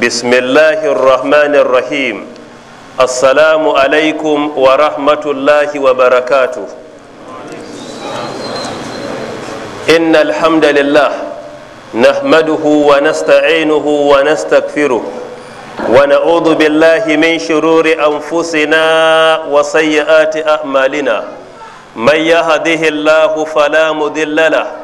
bismillahir rahmanir rahim assalamu alaikum wa rahmatullahi wa barakatuh innal hamdalillah nahmaduhu wa nasta'inuhu wa nastaghfiruh wa na'udhu billahi min shururi anfusina wa sayyiati a'malina man yahdihillahu fala mudilla lahu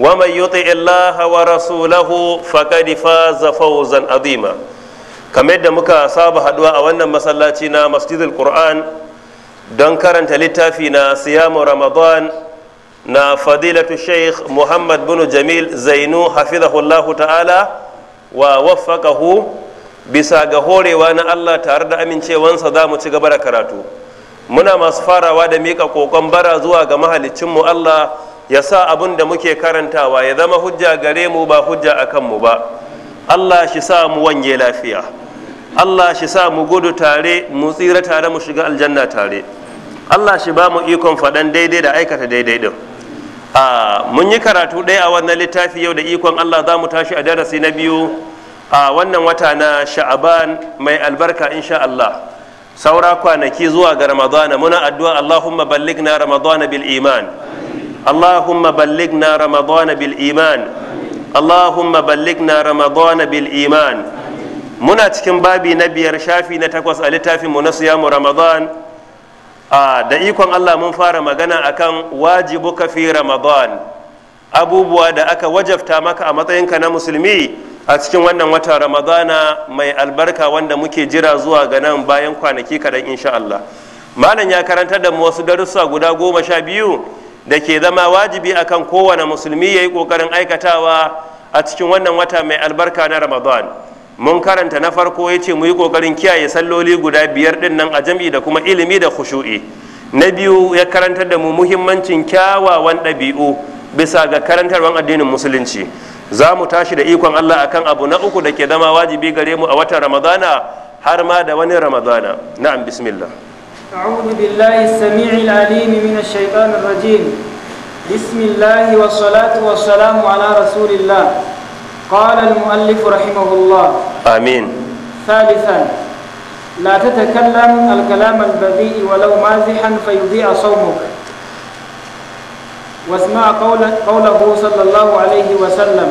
ومن يطع الله ورسوله فقد فاز فوزا عظيما kamar yadda muka saba haduwa a wannan masallaci na masjidul qur'an don karanta littafi na siyamu ramadan na fadilatu sheikh muhammad bin jamil zainu hafizahullahu ta'ala wa waffaqahu bisa ga horewa na allah tare da amincewansa za mu ci gaba da karatu muna masu farawa da miƙa kokon bara zuwa ga mu allah ya sa abin da muke karantawa ya zama hujja gare mu ba hujja a kanmu ba allah shi sa mu wanye lafiya allah shi sa mu gudu tare mu tsira tare mu shiga aljanna tare allah shi ba mu ikon faɗan daidai da aikata daidai din a mun yi karatu ɗaya a wannan littafi yau da ikon allah za mu tashi a darasi na biyu a wannan wata na sha'aban mai albarka insha allah saura kwanaki zuwa ga ramadana muna addu'a allahumma ballighna ramadana bil iman اللهم بلغنا رمضان بالإيمان اللهم بلغنا رمضان بالإيمان muna cikin babi na biyar shafi na takwas a littafinmu na siyamu ramadan da ikon allah mun fara magana akan ka fi ramadan abubuwa da aka wajabta maka a matsayinka na musulmi a cikin wannan wata ramadana mai albarka wanda muke jira zuwa ga nan bayan kwanaki kaɗan insha allah malam ya karanta da mu wasu darussa guda goma sha biyu da ke zama wajibi akan kowane musulmi ya yi ƙoƙarin aikatawa a cikin wannan wata mai albarka na ramadan mun karanta na farko ya ce mu yi ƙoƙarin kiyaye salloli guda biyar ɗin nan a jam'i da kuma ilimi da khushu'i na biyu ya karantar da mu muhimmancin kyawawan ɗabi'u bisa ga karantarwan addinin musulunci za mu tashi da ikon allah akan abu na uku da ke zama wajibi gare mu a watan ramadana har ma da wani ramadana na'am bismillah أعوذ بالله السميع العليم من الشيطان الرجيم بسم الله والصلاة والسلام على رسول الله قال المؤلف رحمه الله آمين ثالثا لا تتكلم الكلام البذيء ولو مازحا فيضيع صومك واسمع قول قوله صلى الله عليه وسلم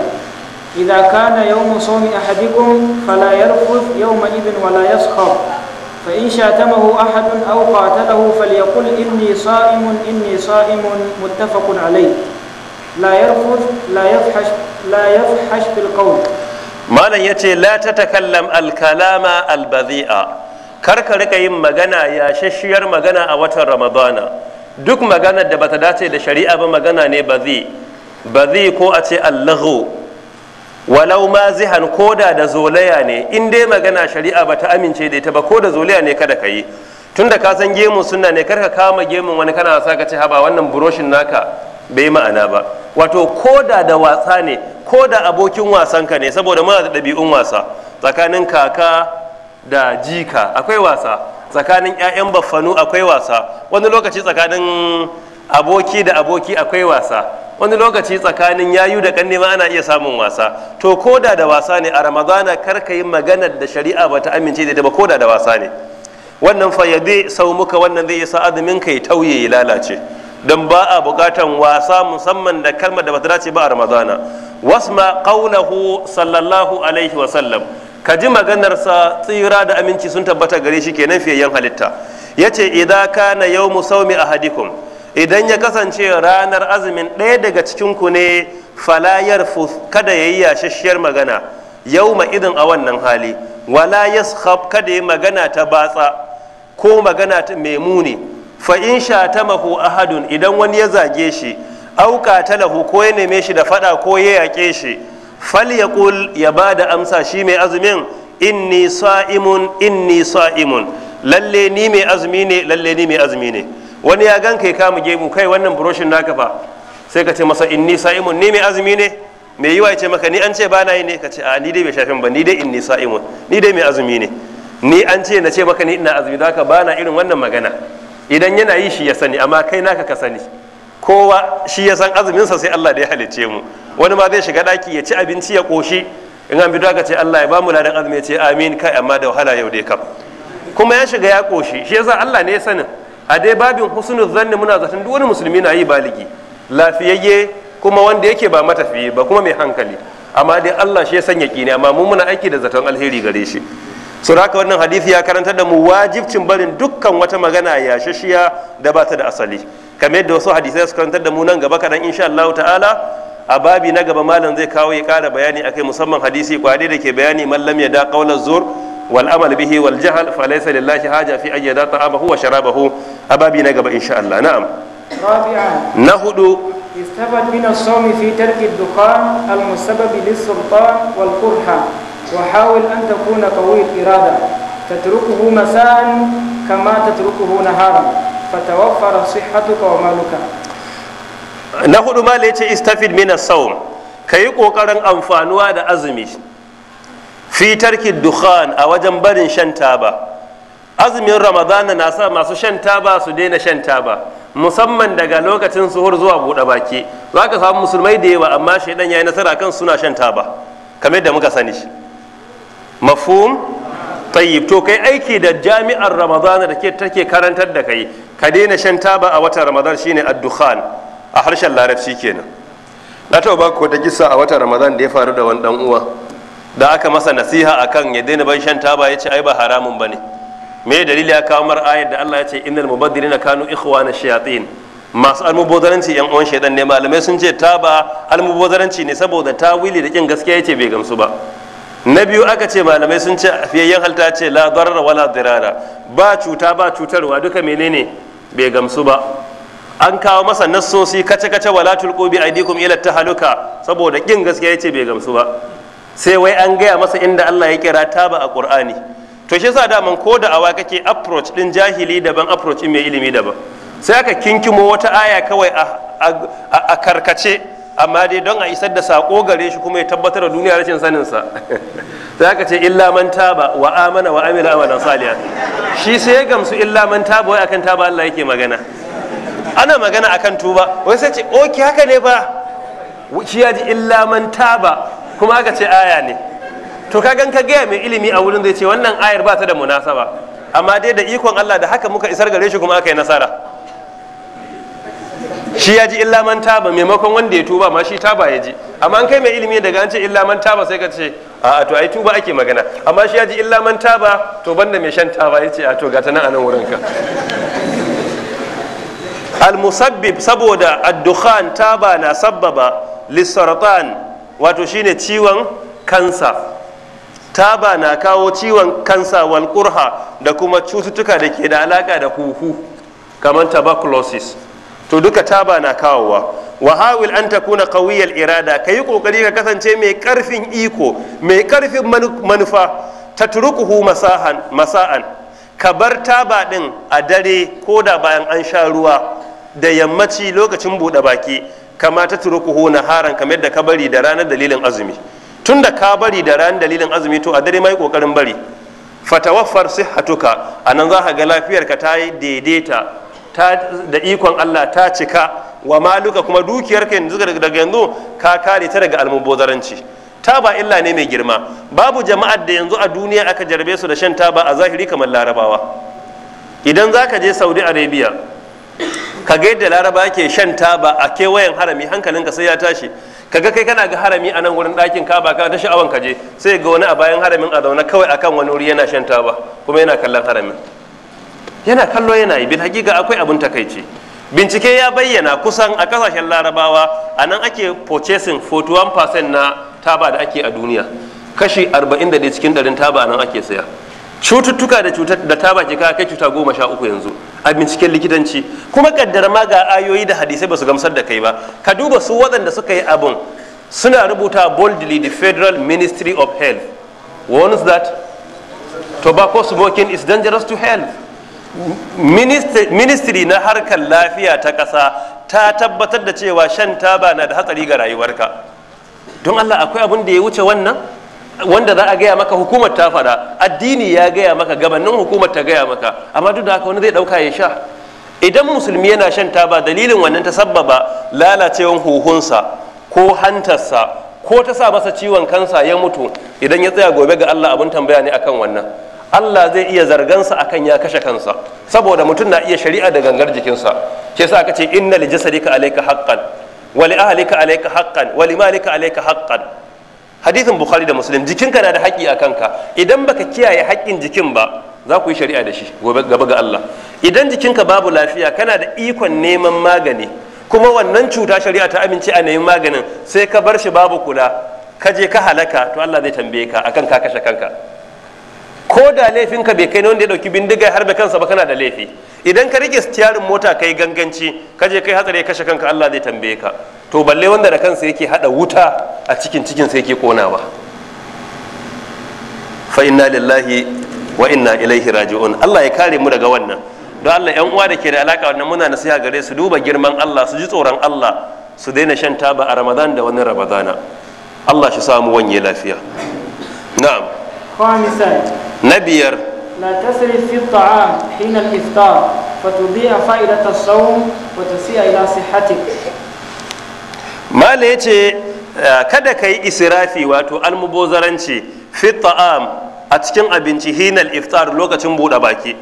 إذا كان يوم صوم أحدكم فلا يرفث يومئذ ولا يسخر فإن شاتمه أحد أو قاتله فليقل إني صائم إني صائم متفق عليه لا يرفث لا يفحش لا يفحش بالقول ما لن يتي لا تتكلم الكلام البذيء karka rika yin magana ya shashiyar magana a watan ramadana duk maganar da bata dace da shari'a ba magana ne ba zai ko a ce allahu walau ma zihan koda da zolaya ne in dai magana shari'a ba ta amince da ita ba ko da zolaya ne kada ka yi tun da ka san gemu sunna ne karka kama gemun wani kana sa ka ce haba wannan buroshin naka bai ma'ana ba wato koda da wasa ne koda abokin wasan ka ne saboda muna da dabi'un wasa tsakanin kaka da jika akwai wasa tsakanin 'ya'yan baffanu akwai wasa wani lokaci tsakanin aboki da aboki akwai wasa wani lokaci tsakanin yayu da kanne ma ana iya samun wasa to koda da wasa ne a ramadana kar ka yi magana da shari'a ba ta amince da ba koda da wasa ne wannan fayyade sau muka wannan zai isa azumin ka ya tauye ya lalace don ba a bukatan wasa musamman da kalmar da bata dace ba a ramadana wasma qaulahu sallallahu alaihi wa sallam ka ji maganarsa tsira da aminci sun tabbata gare shi kenan fiyayyen halitta yace idza kana yawmu sawmi ahadikum idan ya kasance ranar azumin ɗaya daga cikin ku ne falayar kada ya yi yashashiyar magana yau ma idin a wannan hali wala yaskhab kada ya magana ta batsa ko magana ta memuni fa in sha mahu ahadun idan wani ya zage shi auka talahu ko ya neme shi da fada ko ya yaƙe shi fal ya kul ya ba da amsa shi mai azumin inni sa'imun inni sa'imun lalle ni mai azumi ne lalle ni mai azumi ne wani ya ganka ya kama gemu kai wannan buroshin naka fa sai ka ce masa nisa sa'imun ni mai azumi ne mai yiwa ya ce maka ni an ce bana yi ne ka ce a ni dai bai shafin ba ni dai in nisa sa'imun ni dai mai azumi ne ni an ce na ce maka ni ina azumi zaka bana irin wannan magana idan yana yi shi ya sani amma kai naka ka sani kowa shi ya san azuminsa sai Allah da ya halicce mu wani ma zai shiga daki ya ci abinci ya koshi in an fito aka ce Allah ya ba mu ladan azumi ya ce amin kai amma da wahala yau dai kam kuma ya shiga ya koshi shi yasa Allah ne ya sanin a dai babin husnu zanni muna zaton duk wani musulmi na yi baligi lafiyayye kuma wanda yake ba matafi ba kuma mai hankali amma dai Allah shi ya sanya kini amma mu muna aiki da zaton alheri gare shi so haka wannan hadisi ya karantar da mu wajibcin barin dukkan wata magana ya shashiya da ba ta da asali kamar yadda wasu hadisai su karantar da mu nan gaba kadan insha Allah ta'ala a babi na gaba malam zai kawo ya kara bayani akai musamman hadisi kwade da ke bayani mallam ya da qaulaz zur والأمل به والجهل فليس لله حاجة في أن يدا طعامه وشرابه أبابي نغبا إن شاء الله نعم رابعا نهد يستفاد من الصوم في ترك الدخان المسبب للسلطان والقرحة وحاول أن تكون قوي الإرادة تتركه مساء كما تتركه نهارا فتوفر صحتك ومالك نهد ما ليش استفد من الصوم كي يقوى قرن أنفانوا هذا أزمي fi tarki dukhan a wajen barin shan taba azumin ramadana na sa masu shan taba su daina shan taba musamman daga lokacin suhur zuwa buɗe baki za ka samu musulmai da yawa amma shaidan ya yi nasara kan suna shan taba kamar da muka sani mafhum tayyib to kai aiki da jami'ar ramadana da ke take karantar da kai ka daina shan taba a watan ramadan shine ad a harshen larabci kenan na taɓa ba wata da kisa a watan ramadan da ya faru da wani dan uwa da aka masa nasiha akan ya daina ban shan taba ya ce ai ba haramun bane me dalili ya kawo mar da Allah ya ce innal mubaddirina kanu ikhwana shayatin masu almubazaranci yan uwan shaidan ne malamai sun ce taba almubazaranci ne saboda ta wili da kin gaskiya yace bai gamsu ba na biyu aka ce malamai sun ce fiyayyen halta ce la darara wala dirara ba cuta ba cutarwa duka menene bai gamsu ba an kawo masa nassosi kace kace wala tulqu bi aidikum ila tahaluka saboda kin gaskiya yace bai gamsu ba sai wai an gaya masa inda Allah ya kira taba a Qur'ani to shi yasa daman ko da awa kake approach din jahili daban approach mai ilimi daban sai aka kinkimo wata aya kawai a karkace amma dai don a isar da sako gare shi kuma ya tabbatar da duniya rashin sanin sa sai aka ce illa man taba wa amana wa amila amalan salihan shi sai ya gamsu illa man taba wai akan taba Allah yake magana ana magana akan tuba wai sai ce oke haka ne ba shi ya ji illa man taba kuma aka ce aya ne to ka gan ka gaya mai ilimi a wurin zai ce wannan ayar ba ta da munasaba amma dai da ikon Allah da haka muka isar gare shi kuma aka yi nasara shi ya ji illa man taba maimakon wanda ya tuba ma shi taba ya ji amma an kai mai ilimi daga an ce illa man taba sai ka ce a to ai tuba ake magana amma shi ya ji illa man taba to banda mai shan taba ya ce a to ga ta nan anan wurin ka al musabbib saboda ad-dukhan taba na sabbaba lisaratan wato shine ciwon kansa taba na kawo ciwon kansa wal kurha da kuma cututtuka da ke da alaka da huhu kamar tuberculosis to duka taba na kawowa wa hawil an takuna qawiyal irada kayi kokari ka kasance mai karfin iko mai karfin manufa tatrukuhu masahan masa'an ka bar taba din a dare ko da bayan an sha ruwa da yammaci lokacin buɗe baki kama ta turukuhu haran kamar da ka bari da ranar dalilin azumi tunda ka bari da ranar dalilin azumi to a dare mai kokarin bari fatawaffar sihhatuka anan za ka ga lafiyarka ta daidaita ta da ikon Allah ta cika wa maluka kuma dukiyarka yanzu daga yanzu ka kare ta daga almubozaranci taba illa ne mai girma babu jama'ar da yanzu a duniya aka jarbe su da shan taba a zahiri kamar larabawa idan za ka je saudi arabia ka ga yadda laraba ke shan taba a kewayen harami hankalin ka sai ya tashi ka ga kai kana ga harami a nan wurin ɗakin ka ba ka ta sha'awan ka je sai ga wani a bayan haramin a zaune kawai akan wani wuri yana shan taba kuma yana kallon haramin yana kallo yana yi bin hakika akwai abin takaici bincike ya bayyana kusan a kasashen larabawa a nan ake purchasing 41% na taba da ake a duniya kashi 40 da cikin ɗarin taba nan ake saya cututtuka da cutar da ta baki kai cuta goma sha uku yanzu a binciken likitanci kuma kaddar ma ga ayoyi da hadisai ba su gamsar da kai ba ka duba su waɗanda suka yi abun suna rubuta boldly the federal ministry of health warns that tobacco smoking is dangerous to health ministry na harkar lafiya ta ƙasa ta tabbatar da cewa shan taba na da hatsari ga rayuwarka don allah akwai abun da ya wuce wannan wanda za a gaya maka hukumar ta fada addini ya gaya maka gabanin hukumar ta gaya maka amma duk da haka wani zai ɗauka ya sha idan musulmi yana shan taba dalilin wannan ta sabbaba lalacewan huhunsa ko hantarsa ko ta sa masa ciwon kansa ya mutu idan ya tsaya gobe ga Allah abun tambaya ne akan wannan Allah zai iya zargansa akan ya kashe kansa saboda mutum na iya shari'a da gangar jikinsa ke sa aka ce inna li jasadika alayka haqqan wa li ahlika alayka haqqan wa li malika alayka haqqan hadisin bukhari da muslim jikinka na da haƙƙi a kanka idan baka kiyaye haƙƙin jikin ba za ku yi shari'a da shi gobe gaba ga Allah idan jikinka babu lafiya kana da ikon neman magani kuma wannan cuta shari'a ta amince a neman maganin sai ka bar shi babu kula ka je ka halaka to Allah zai tambaye ka akan ka kashe kanka ko da laifinka bai kai ne wanda ya dauki bindiga har harbe kansa ba kana da laifi idan ka rike stiyarin mota kai ganganci ka je kai hatsari kashe kanka Allah zai tambaye ka to balle wanda da kansa yake hada wuta a cikin cikin sa yake konawa fa inna lillahi wa inna ilaihi raji'un Allah ya kare mu daga wannan don Allah yan uwa da ke da alaka wannan muna nasiha gare su duba girman Allah su ji tsoron Allah su daina shan taba a Ramadan da wani Ramadana Allah shi samu wanye lafiya na'am na biyar لا تسرف في الطعام حين الإفطار فتضيع فائدة الصوم وتسيء إلى صحتك ما ليتي kada ka yi israfi wato almubozaranci fi ta'am a cikin abinci hinal iftar lokacin buɗe baki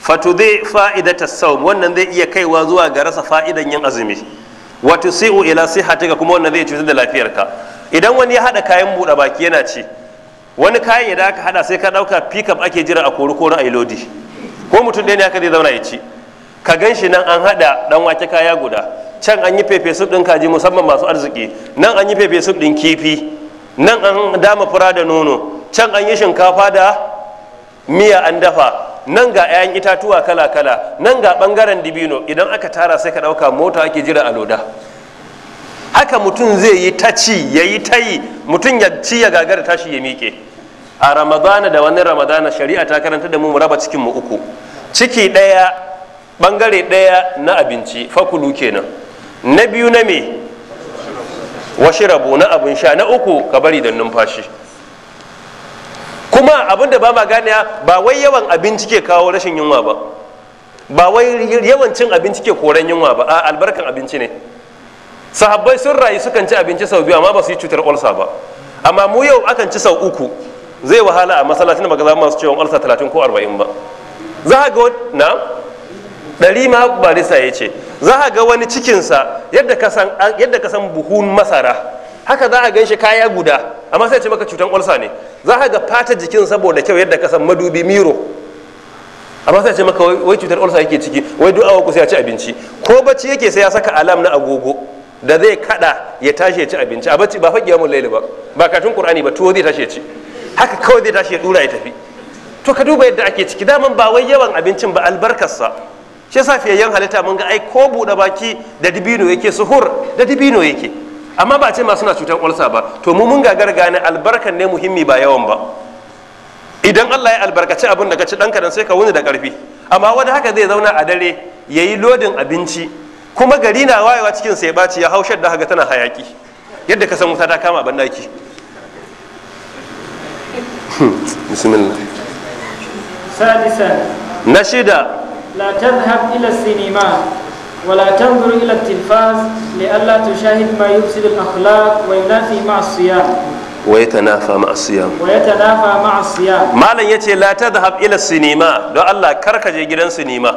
fatu zai fa'idata saum wannan zai iya kaiwa zuwa ga rasa fa'idan yin azumi wato si'u ila sihatika kuma wannan zai cutar da lafiyarka idan wani ya haɗa kayan buɗe baki yana ci wani kayan yadda aka hada sai ka dauka pickup ake jira a kori ko na ailodi ko mutum ɗaya ne aka zai zauna ya ci ka gan shi nan an hada dan wake kaya guda can an yi fefe sup din kaji musamman masu arziki nan an yi fefe sup din kifi nan an dama fura da nono can an yi shinkafa da miya an dafa nan ga 'ya'yan itatuwa kala kala nan ga bangaren dibino idan aka tara sai ka dauka mota ake jira a loda haka mutum zai yi ta ci ya yi ta yi mutum ya ci ya gagara tashi ya miƙe a ramadana da wani ramadana shari'a ta karanta da mu raba cikin mu uku ciki ɗaya ɓangare ɗaya na abinci fakulu kenan na biyu na me washi rabu na abin sha na uku ka bari da numfashi kuma abin da ba ma gane ba wai yawan abinci ke kawo rashin yunwa ba ba wai yawan cin abinci ke koren yunwa ba a albarkan abinci ne sahabbai sun rayu sukan ci abinci sau biyu amma ba su yi cutar olsa ba amma mu yau akan ci sau uku zai wahala a masallacin da baka zama masu ciwon alsa talatin ko arba'in ba za a ga na ɗari ma barisa ya ce za a ga wani cikinsa yadda ka san buhun masara haka za a gan shi kaya guda amma sai ce maka cutan ulcer ne za a ga fata jikin saboda kyau yadda ka san madubi miro amma sai ce maka wai cutar ulcer yake ciki wai duk awa kusa ya ci abinci ko bacci yake sai ya saka alam na agogo da zai kada ya tashi ya ci abinci a bacci ba fa mun ba ba katun qur'ani ba tuwo zai tashi ya ci haka kawai zai tashi ya dura ya tafi to ka duba yadda ake ciki daman ba wai yawan abincin ba albarkarsa shi yasa fiyayyen halitta mun ga ai ko buɗe baki da dibino yake suhur da dibino yake amma ba ce ma suna cutar ulsa ba to mu mun gagar gane albarkar ne muhimmi ba yawan ba idan Allah ya albarkaci abin da ka ci dan sai ka wuni da ƙarfi amma wani haka zai zauna a dare ya yi lodin abinci kuma gari na wayewa cikin sai ya baci ya haushar da haka tana hayaki yadda ka san wuta ta kama daki. بسم الله سادسا نشدا لا تذهب إلى السينما ولا تنظر إلى التلفاز لئلا تشاهد ما يفسد الأخلاق وينافي مع الصيام ويتنافى مع الصيام ويتنافى مع الصيام ما لن يتي لا تذهب إلى السينما دو الله كركج جدن سينما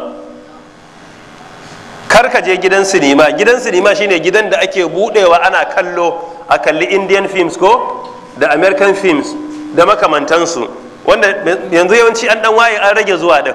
karkaje gidan sinima gidan sinima shine gidan da ake budewa ana kallo a kalli indian films ko da american films da makamantansu wanda yanzu yawanci an dan waye an rage zuwa din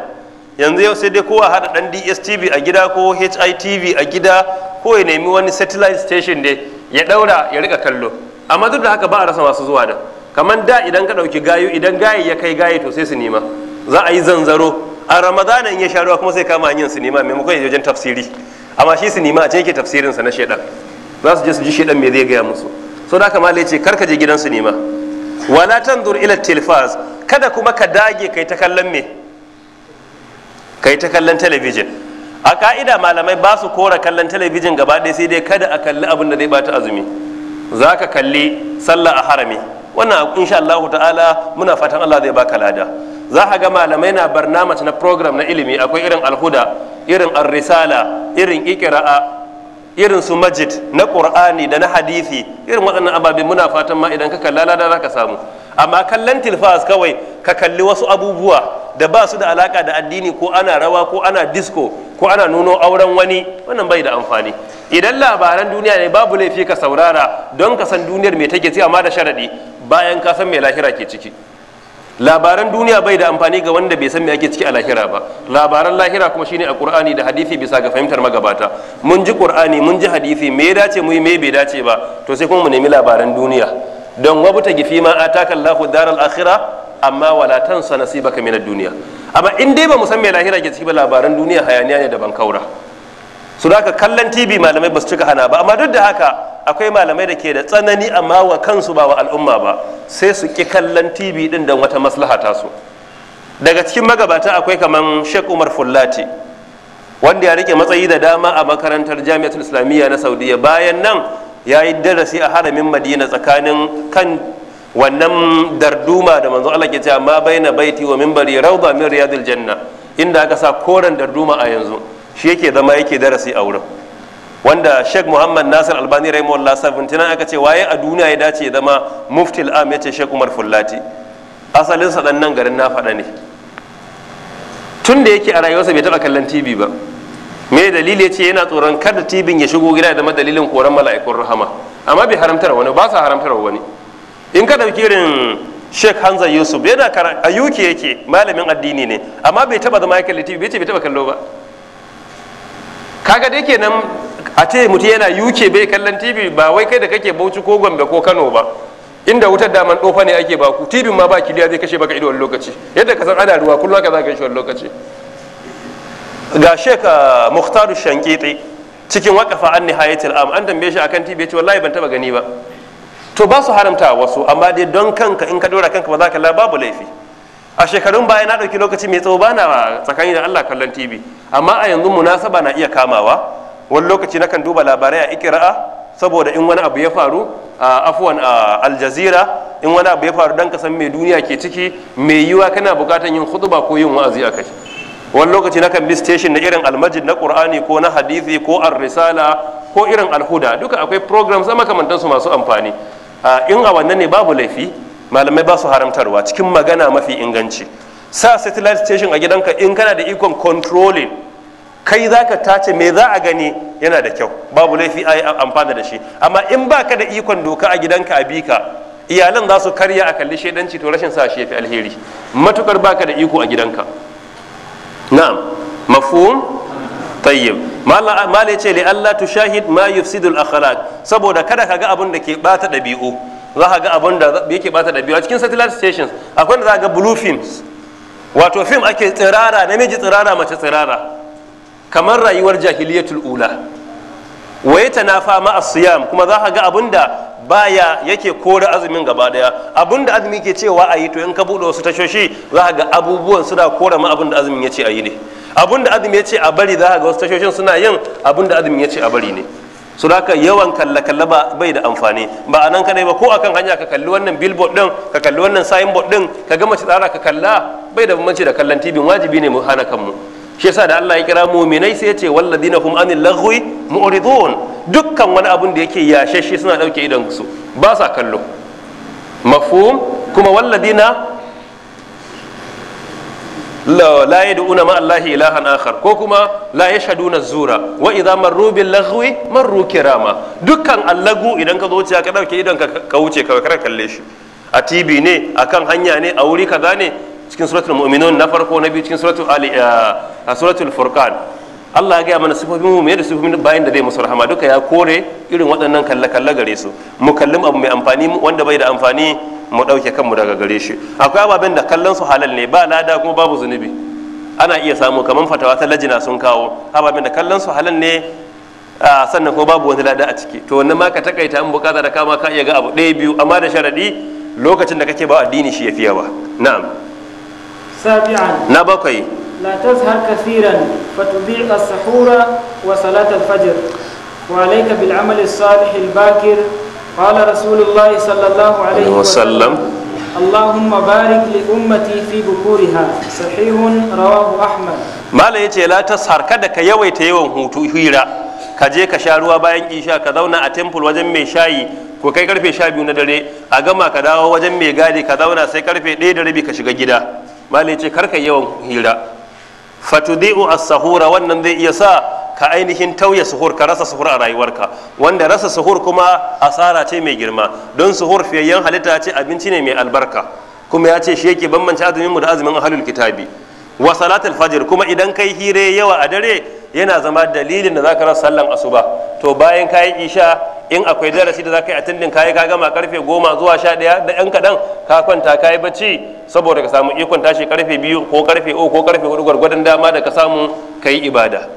yanzu yau sai dai a hada dan dstv a gida ko hitv a gida ko ya nemi wani satellite station dai ya ɗaura ya rika kallo amma duk da haka ba a rasa masu zuwa da kamar da idan ka ɗauki gayu idan gayi ya kai gayi to sai su nema za a yi zanzaro a ramadana in ya sha ruwa kuma sai kama yin sinima maimakon ya wajen tafsiri amma shi sinima a ce yake tafsirinsa na shedan za su je su ji shedan me zai gaya musu so da haka malai ce karka je gidan sinima wala tanzur ila tilfaz kada kuma ka dage kai ta kallon me kai ta kallon talabijin a ka'ida malamai ba su kora kallon talabijin gaba ɗaya sai dai kada a kalli abin da zai bata azumi za ka kalli sallah a harami wannan insha Allah ta'ala muna fatan Allah zai baka lada za ka ga malamai na barnamaj na program na ilimi akwai irin alhuda irin arrisala irin ikira'a irin su majid na qur'ani da na hadisi irin waɗannan ababe muna fatan ma idan ka kalla lada za ka samu amma kallon tilfas kawai ka kalli wasu abubuwa da ba su da alaka da addini ko ana rawa ko ana disco ko ana nuno auren wani wannan bai da amfani idan labaran duniya ne babu laifi ka saurara don ka san duniyar me take ci amma da sharadi bayan ka san me lahira ke ciki labaran duniya bai da amfani ga wanda bai san me ake ciki a lahira ba labaran lahira kuma shine a qur'ani da hadisi bisa ga fahimtar magabata mun ji qur'ani mun ji hadisi me ya dace mu yi me bai dace ba to sai kuma mu nemi labaran duniya don wabuta gifi ma ataka Allahu daral akhira amma wala tansa nasibaka ad duniya amma in dai ba mu san me lahira ke ciki ba labaran duniya hayaniya ne da kaura. su da kallon tv malamai ba su cika hana ba amma duk da haka akwai malamai da ke da tsanani amma wa kansu ba wa al'umma ba sai su ki kallon tv din don wata maslaha ta su daga cikin magabata akwai kamar sheikh umar fullati wanda ya rike matsayi da dama a makarantar jami'atul islamiyya na saudiya bayan nan ya yi darasi a haramin madina tsakanin kan wannan darduma da manzo Allah ke cewa ma baina baiti wa minbari rawda min riyadil janna inda aka sa koren darduma a yanzu shi yake zama yake darasi a wurin wanda sheikh muhammad nasir albani rahimahullah sabintina aka ce waye a duniya ya dace zama mufti al'am ya ce sheikh umar fullati asalin sa dan nan garin na faɗa ne tun da yake a rayuwarsa bai taɓa kallon tv ba me dalili ya ce yana tsoron kada tv ya shigo gida da madalilin koran mala'ikun rahama amma bai haramtar wani ba sa haramtar wani in ka ɗauki irin sheikh hanza yusuf yana a uk yake malamin addini ne amma bai taɓa zama ya kalli tv bai ce bai taɓa kallo ba kaga dai kenan a ce mutum yana UK bai kallon TV ba wai kai da kake Bauchi ko Gombe ko Kano ba inda wutar daman dofa ne ake baku TV ma ba kiliya zai kashe baka ido wani lokaci yadda ka san ana ruwa kullum ka za ka shi wani lokaci ga sheka uh, Muhtaru Shankiti cikin waqafa an nihayatil am an tambaye shi akan TV ya ce wallahi ban taba gani ba to ba su haramta wasu amma dai don kanka in ka dora kanka ba za ka la babu laifi a shekarun baya na ɗauki lokaci mai tsawo bana tsakani da Allah kallon TV amma a yanzu munasaba na iya kamawa wani lokaci na kan duba labarai a ikira'a saboda in wani abu ya faru a afuwan a in wani abu ya faru dan kasan mai duniya ke ciki mai yiwa kana bukatan yin khutba ko yin wa'azi a kai wani lokaci nakan bi station na irin almajid na qur'ani ko na hadisi ko ar-risala ko irin alhuda duka akwai programs makamantan su masu amfani in a wannan ne babu laifi malamai ba su haramtarwa cikin magana mafi inganci sa satellite station a gidanka in kana da ikon controlling kai za ka tace me za a gani yana da kyau babu laifi a yi amfani da shi amma in ba ka da ikon doka a gidanka a bika iyalan za su karya a kalli shaidanci to rashin sa shi ya fi alheri matukar baka da iko a gidanka na'am mafhum tayyib mala ce li Allah tushahid ma yufsidul akhlaq saboda kada ka ga abun da ke bata dabi'u za ka ga abin da yake bata da biyu a cikin satellite stations akwai da za ga blue films wato film ake tsirara namiji tsirara mace tsirara kamar rayuwar jahiliyatul ula waye ta nafa ma siyam kuma za ga abin da baya yake kore azumin gaba daya abin da azumi ke cewa a yi to in ka buɗe wasu tashoshi za ka ga abubuwan suna kore ma abin da azumin ya ce a yi ne abin da azumi ya ce a bari za ga wasu tashoshin suna yin abin da azumin ya ce a bari ne su da yawan kalla-kalla ba bai da amfani ba a nan kadai ba ko akan hanya ka kalli wannan billboard din ka kalli wannan signboard din ka ga mace tsara ka kalla bai da bambanci da kallon tibin wajibi ne mu hana kanmu shi yasa da Allah ya kira mu'minai sai ya ce walladina hum anil laghwi mu'ridun dukkan wani abun da yake yashashe suna dauke idan su ba sa kallo mafhum kuma walladina la yad'una ma Allahi ilahan akhar ko kuma la yashhaduna zura wa idza marru bil lagwi marru kirama dukkan allagu idan ka zo wuce ka dauke idan ka wuce ka kar kalle shi a TV ne akan hanya ne a wuri kaza ne cikin suratul mu'minun na farko na biyu cikin suratul ali eh, a suratul furqan Allah ya gaya mana sifofin mu da sifofin bayan da zai musu rahama duka ya kore irin waɗannan kalle kalle gare su mu kallim abu mai amfani wanda bai da amfani mu ɗauke kanmu daga gare shi akwai ababen da kallon su halal ne ba lada kuma babu zunubi ana iya samu kamar fatawa ta lajina sun kawo ababen da kallon su halal ne a sannan kuma babu wani lada a ciki to wannan ma ka takaita in bukata da kama ka iya ga abu ɗaya biyu amma da sharaɗi lokacin da kake ba addini shi ya fiya ba na'am na bakwai la tazhar fa tudhi'a as-suhura wa salat al-fajr wa alayka bil 'amali as-salih al-bakir قال رسول الله صلى الله عليه وسلم اللهم بارك لأمتي في بكورها صحيح رواه أحمد ما لا يتي لا تسهر كدك يوي تيوم هيرا kaje ka sha ruwa bayan isha ka zauna a temple wajen mai shayi ko kai karfe sha biyu na dare a gama ka dawo wajen mai gadi ka zauna sai karfe ɗaya da rabi ka shiga gida mali ce karka yawan hira fatudi'u as-sahura wannan zai iya sa ka ainihin tauye suhur ka rasa suhur a rayuwarka wanda rasa suhur kuma asara ce mai girma don suhur fiyayyen halitta ce abinci ne mai albarka kuma ya ce shi yake bambance azumin mu da azumin ahlul kitabi wa salatul fajr kuma idan kai hire yawa a dare yana zama dalilin da zaka rasa sallan asuba to bayan kai isha in akwai darasi da zaka yi a tindin kayi ka gama karfe goma zuwa sha ɗaya da ɗan kadan ka kwanta kayi bacci saboda ka samu ikon tashi karfe biyu ko karfe uku ko karfe 4 gwargwadon dama da ka samu kai ibada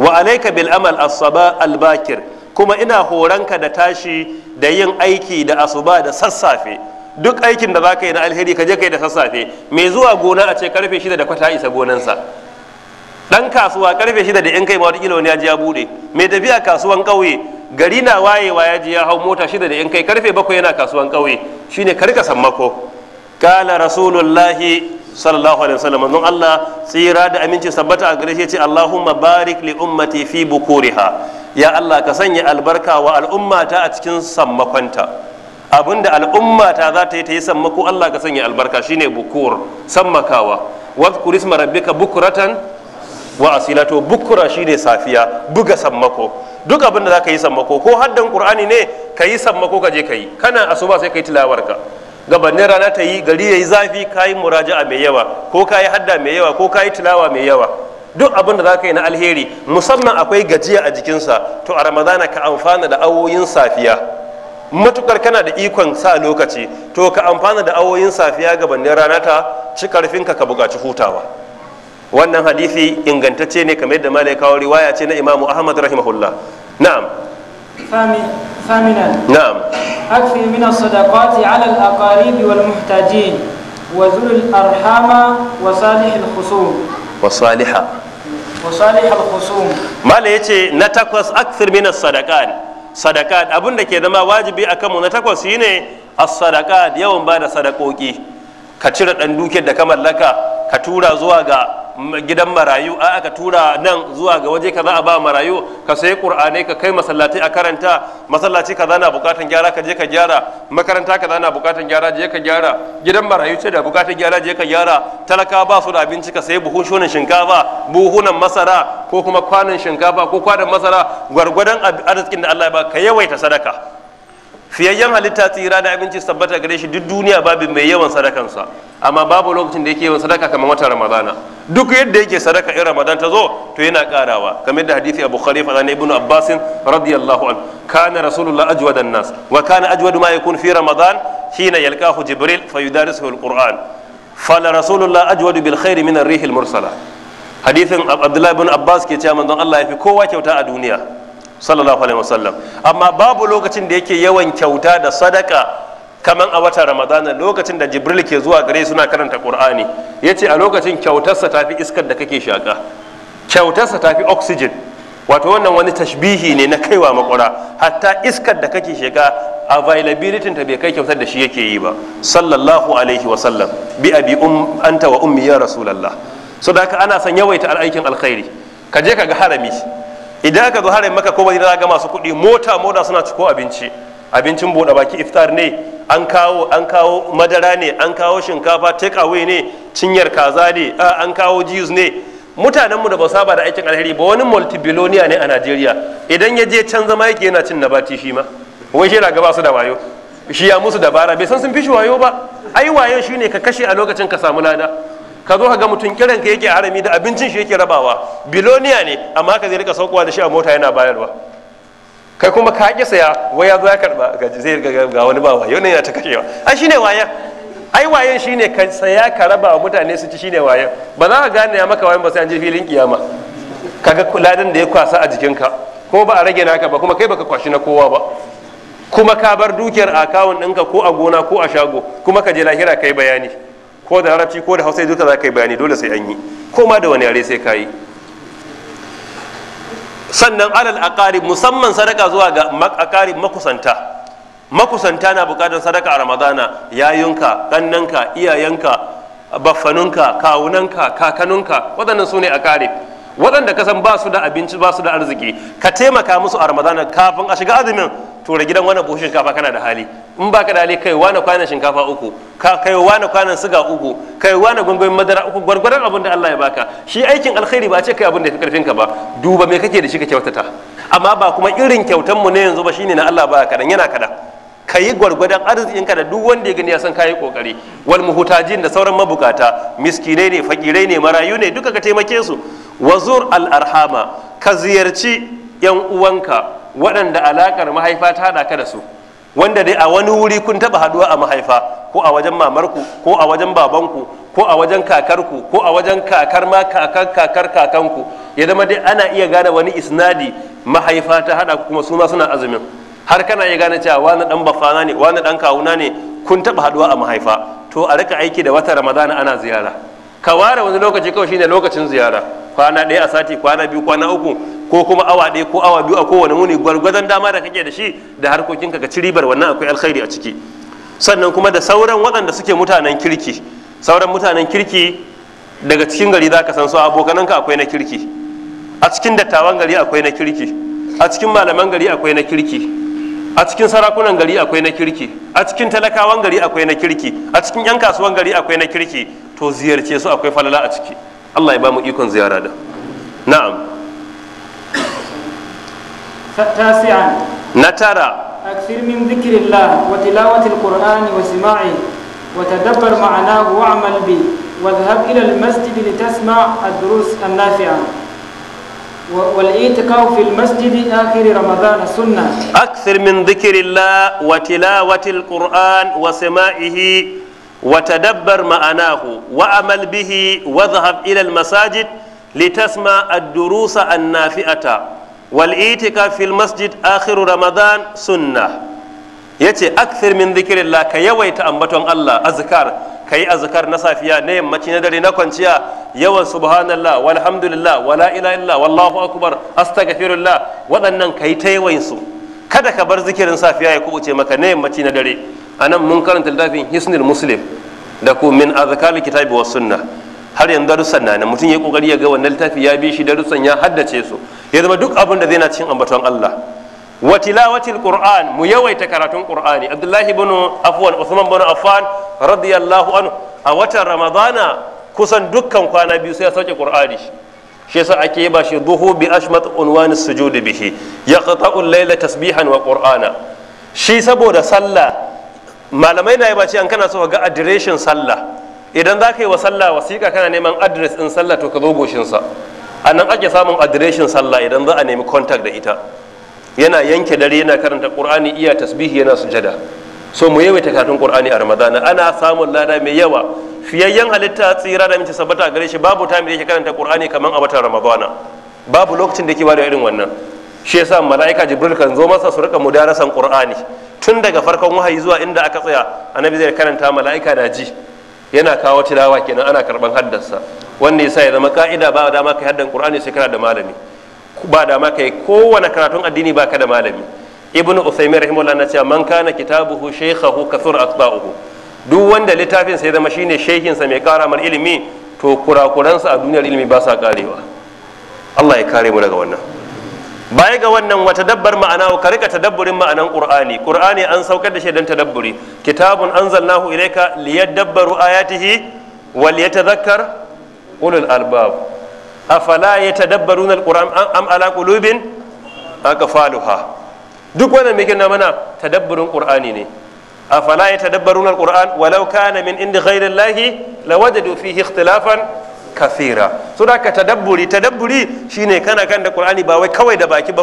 wa alaika bil amal as sabah al-bakir kuma ina horanka da tashi da yin aiki da asuba da sassafe duk aikin da zaka yi na alheri ka je kai da sassafe mai zuwa gona a ce karfe shida da kwata isa gonansa dan kasuwa karfe shida da yan kai ma wata wani ya je ya bude mai tafiya kasuwan kauye gari na wayewa ya je ya hau mota shida da yan kai karfe bakwai yana kasuwan kauye shine karka sammako kala rasulullahi sallallahu alaihi wasallam manzon Allah tsira da aminci sabbata a gare shi ce Allahumma barik li ummati fi bukuriha ya Allah ka sanya albarka wa al'ummata a cikin sammakonta abinda al'ummata za ta yi ta yi sammako Allah ka sanya albarka shine bukur sammakawa wadhkur kurisma rabbika bukuratan wa asilato bukura shine safiya buga sammako duk abinda za ka yi sammako ko haddan qur'ani ne ka yi sammako ka je ka yi kana asuba sai ka yi tilawarka gabanin rana ta yi gari ya yi zafi ka yi muraja'a mai yawa ko ka yi hadda mai yawa ko ka yi tilawa mai yawa duk abin da za ka yi na alheri musamman akwai gajiya a jikinsa to a ramadana ka amfana da awoyin safiya matukar kana da ikon sa lokaci to ka amfana da awoyin safiya gabanin rana ta ci karfinka ka buƙaci hutawa wannan hadisi ingantacce ne kamar yadda malai kawo riwaya ce na imamu ahmad rahimahullah na'am ثامنا نعم أكفي من الصدقات على الأقارب والمحتاجين وذل الأرحام وصالح الخصوم wa saliha wa saliha al-khusum mala yace na takwas akthir min as-sadaqat sadaqat abin da ke zama wajibi akan mu na takwas shine as-sadaqat yawan bada sadakoki ka cire dan dukiyar da ka mallaka ka tura zuwa ga gidan marayu a aka tura nan zuwa ga waje kaza a ba marayu ka sai qur'ani ka kai masallaci a karanta masallaci kaza na bukatan gyara ka je ka gyara makaranta kaza na bukatan gyara je ka gyara gidan marayu ce da bukatan gyara je ka gyara talaka ba su da abinci ka sai buhun shonin shinkafa buhunan masara ko kuma kwanan shinkafa ko kwanan masara gwargwadon arzikin da Allah ya ba ka yawaita sadaka fiyayyen halitta tsira da abinci sabbata gare shi duk duniya babu mai yawan sadakansa amma babu lokacin da yake yawan sadaka kamar wata ramadana duk yadda yake sadaka in ramadan ta zo to yana karawa kamar da hadisi abu khalifa da ibnu abbas radiyallahu an kana rasulullah ajwad nas wa kana ajwad ma yakun fi ramadan hina yalqahu jibril fayudarisuhu alquran fala rasulullah ajwad bil khair min ar-rih al-mursala hadithin abdullah ibn abbas ke cewa manzon Allah ya fi kowa kyauta a duniya sallallahu alaihi wasallam amma babu lokacin da yake yawan kyauta da sadaka kaman a watan ramadana lokacin da jibril ke zuwa gare suna karanta qur'ani yace a lokacin kyautarsa tafi iskar da kake shaka kyautarsa tafi oxygen wato wannan wani tashbihi ne na kaiwa makura hatta iskar da kake shiga availability ta bai kai kyautar da shi yake yi ba sallallahu alaihi wa sallam bi abi um anta wa ummi ya rasulullah so da ana son yawaita al'aikin alkhairi ka je ka ga harami idan aka zo harin maka ko madina ga masu kuɗi mota mota suna ciko abinci abincin buɗe baki iftar ne an kawo an kawo madara ne an kawo shinkafa take away ne cinyar kaza ne an kawo juice ne mutanenmu da ba saba da aikin alheri ba wani multibillionaire ne a Najeriya idan ya je can zama yake yana cin nabati shi ma wai shi ga ba su da wayo shi ya musu dabara bai san sun fi shi wayo ba ai wayo shine ka kashe a lokacin ka samu lada ka zo ka ga mutum kiran ka yake arami da abincin shi yake rabawa biloniya ne amma ka zai rika saukowa da shi a mota yana bayarwa kai kuma ka ki saya waya zo ya karba zai ga wani bawa yau ne yana ta kashewa ai shine wayan ai wayan shine ka saya ka raba wa mutane su ci shine wayan ba za ka gane ya maka wayan ba sai an je filin kiyama kaga kuladin da ya kwasa a jikinka ko ba a rage naka ba kuma kai baka kwashi na kowa ba kuma ka bar dukiyar akawun ɗinka ko a gona ko a shago kuma ka je lahira kai bayani ko da larabci ko da hausa duka za ka yi bayani dole sai an yi ko ma da wani yare sai ka yi sannan alal akari musamman sadaka zuwa ga akari makusanta makusanta na bukatar sadaka a ramadana yayunka kannanka iyayenka baffanunka kawunanka kakanunka waɗannan su ne aqarib waɗanda ka san ba su da abinci ba su da arziki ka taimaka musu a ramadana kafin a shiga azumin tura gidan wani buhu shinkafa kana da hali in baka da hali kai wani kwanan shinkafa uku kai wani kwanan siga uku kai wani gungun madara uku gwargwaran abin da Allah ya baka shi aikin alkhairi ba ce kai abin da ya fi karfin ka ba duba me kake da shi ka kyautata amma ba kuma irin kyautan mu ne yanzu ba shine na Allah ba kadan yana kadan kayi gwargwadon arzikin ka da duk wanda ya gani ya san kayi kokari wal muhtajin da sauran mabukata miskinai ne fakirai ne marayu ne duka ka taimake su wazur al arhama ka ziyarci 'yan uwanka waɗanda alakar mahaifa ta haɗa ka da su wanda dai a wani wuri kun taɓa haɗuwa a mahaifa ko a wajen mamarku ko a wajen babanku ko a wajen kakarku ko a wajen kakar ma kakar kakar kakanku ya zama dai ana iya gane wani isnadi mahaifa ta haɗa kuma su ma suna azumin har kana iya gane cewa wani ɗan bafana ne wani ɗan kawuna ne kun taɓa haɗuwa a mahaifa to a rika aiki da wata ramadana ana ziyara ka ware wani lokaci kawai shine lokacin ziyara kwana ɗaya a sati kwana biyu kwana uku ko kuma awa ɗaya ko awa biyu a kowane muni gwargwadon dama da kake da shi da harkokinka ka ci ribar wannan akwai alkhairi a ciki sannan kuma da sauran waɗanda suke mutanen kirki sauran mutanen kirki daga cikin gari za ka san su abokananka akwai na kirki a cikin dattawan gari akwai na kirki a cikin malaman gari akwai na kirki a cikin sarakunan gari akwai na kirki a cikin talakawan gari akwai na kirki a cikin 'yan kasuwan gari akwai na kirki to ziyarce su akwai falala a ciki allah ya ba mu ikon ziyara da na'am تاسعا نترى أكثر من ذكر الله وتلاوة القرآن وسماعه وتدبر معناه واعمل به واذهب إلى المسجد لتسمع الدروس النافعة والإيتكاو في المسجد آخر رمضان سنة أكثر من ذكر الله وتلاوة القرآن وسماعه وتدبر معناه وأمل به واذهب إلى المساجد لتسمع الدروس النافئة wal itika masjid akhiru ramadan sunna yace akthir min dhikrillah ka yawaita ambaton Allah azkar kai azkar na safiya na yammaci na dare na kwanciya yawan subhanallah walhamdulillah wala ilaha illa wallahu akbar astaghfirullah waɗannan kai ta yawan su kada ka bar zikirin safiya ya kubuce maka na yammaci na dare anan mun karanta littafin hisnul muslim da ku min azkar kitabi was sunnah har yanzu darussan na mutum ya kokari ya ga wannan littafi ya bi shi darussan ya haddace su ya zama duk abin da zai na cikin ambaton Allah wa tilawatil qur'an mu yawaita karatun qur'ani abdullahi ibn afwan usman ibn affan radiyallahu anhu a watan ramadana kusan dukkan kwana biyu sai ya sauke qur'ani shi yasa ake ba shi duhu bi ashmat unwan sujud bihi yaqta'u al-layla tasbihan wa qur'ana shi saboda sallah malamai na yaba ce an kana so ga adireshin sallah idan za ka yi wa sallah wasiƙa kana neman adres ɗin sallah to ka zo goshinsa a nan ake samun adireshin sallah idan za a nemi kontak da ita yana yanke dare yana karanta ƙur'ani iya tasbihi yana sujada so mu yawaita katin ƙur'ani a ramadana ana samun lada mai yawa fiyayyen halitta tsira da mace sabata gare shi babu ta mai yake karanta ƙur'ani kamar a watan ramadana babu lokacin da yake bada irin wannan shi yasa mala'ika jibril kan zo masa su rika mudarasan ƙur'ani tun daga farkon wahayi zuwa inda aka tsaya annabi zai karanta mala'ika da ji yana kawo tilawa kenan ana karban haddarsa wanda yasa ya zama ka'ida ba dama kai haddan qur'ani sai kana da malami ba dama kai kowane karatun addini ba ka da malami ibn usaymin rahimahullah na cewa man kana kitabuhu shaykhahu kathur atba'uhu duk wanda littafin sai zama shine shehin sa mai karamar ilimi to kurakuransa a duniyar ilimi ba sa karewa Allah ya kare mu daga wannan baya ga wannan wata dabbar ma'ana ka rika tadabburin ma'anan qur'ani qur'ani an saukar da shi don tadabburi kitabun anzalnahu ilayka liyadabbaru ayatihi wa liyatadhakkar ulul albab afala yatadabbaruna alquran am ala qulubin aqfaluha duk wannan me na mana tadabburin qur'ani ne afala yatadabbaruna alquran walau kana min indi ghayri allahi lawajadu fihi ikhtilafan kathira so da ka tadabburi tadabburi shine kana kan da qur'ani ba wai kawai da baki ba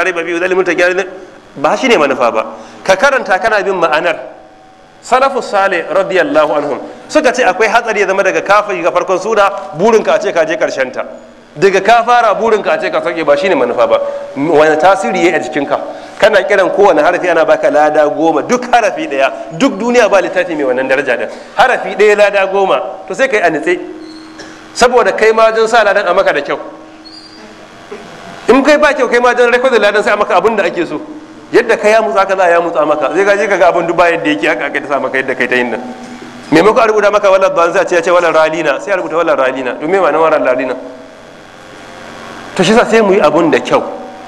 alhamdulillah manufa ba ka karanta kana bin ma'anar salih radiyallahu suka ce akwai hatsari ya zama daga kafin ga farkon sura a ka je karshen ta daga ka fara burinka a ce ka sauke ba shine manufa ba wani tasiri yi a jikinka kana kiran kowane harafi ana baka lada goma duk harafi daya duk duniya ba littafi mai wannan daraja din harafi daya lada goma to sai kai a nitse saboda kai ma don sa ladan a maka da kyau in kai ba kyau kai ma don da ladan sai a maka abin da ake so yadda ka ya mutsa kaza ya mutsa maka zai gaje ka ga abin duba yadda yake aka aka ta sa maka yadda kai ta yin nan maimakon a rubuta maka wala ban ce a ce wala ralina sai a rubuta wala ralina domin ma ma'anar wala ralina to shi sai mu yi abun da kyau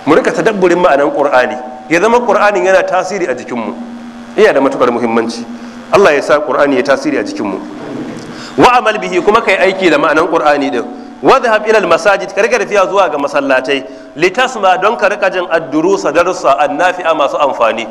mu rika tadabburin ma'anan qur'ani ya zama qur'anin yana tasiri a jikinmu yana da matukar muhimmanci Allah ya sa qur'ani ya tasiri a jikinmu wa amal bihi kuma kai aiki da ma'anan qur'ani din wadhhab ila masajid ka rika tafiya zuwa ga masallatai litasma don ka rika jin ad-durusa darussa an-nafi'a masu amfani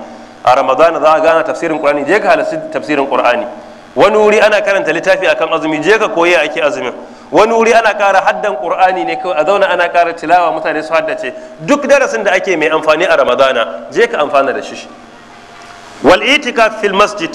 a ramadan za a gane tafsirin qur'ani je ka halarci tafsirin qur'ani wani wuri ana karanta littafi akan azumi je ka koyi ake azumin wani wuri ana kara haddan qur'ani ne kawai a zauna ana kara tilawa mutane su haddace duk darasin da ake mai amfani a ramadana je ka amfana da shi wal itikaf fil masjid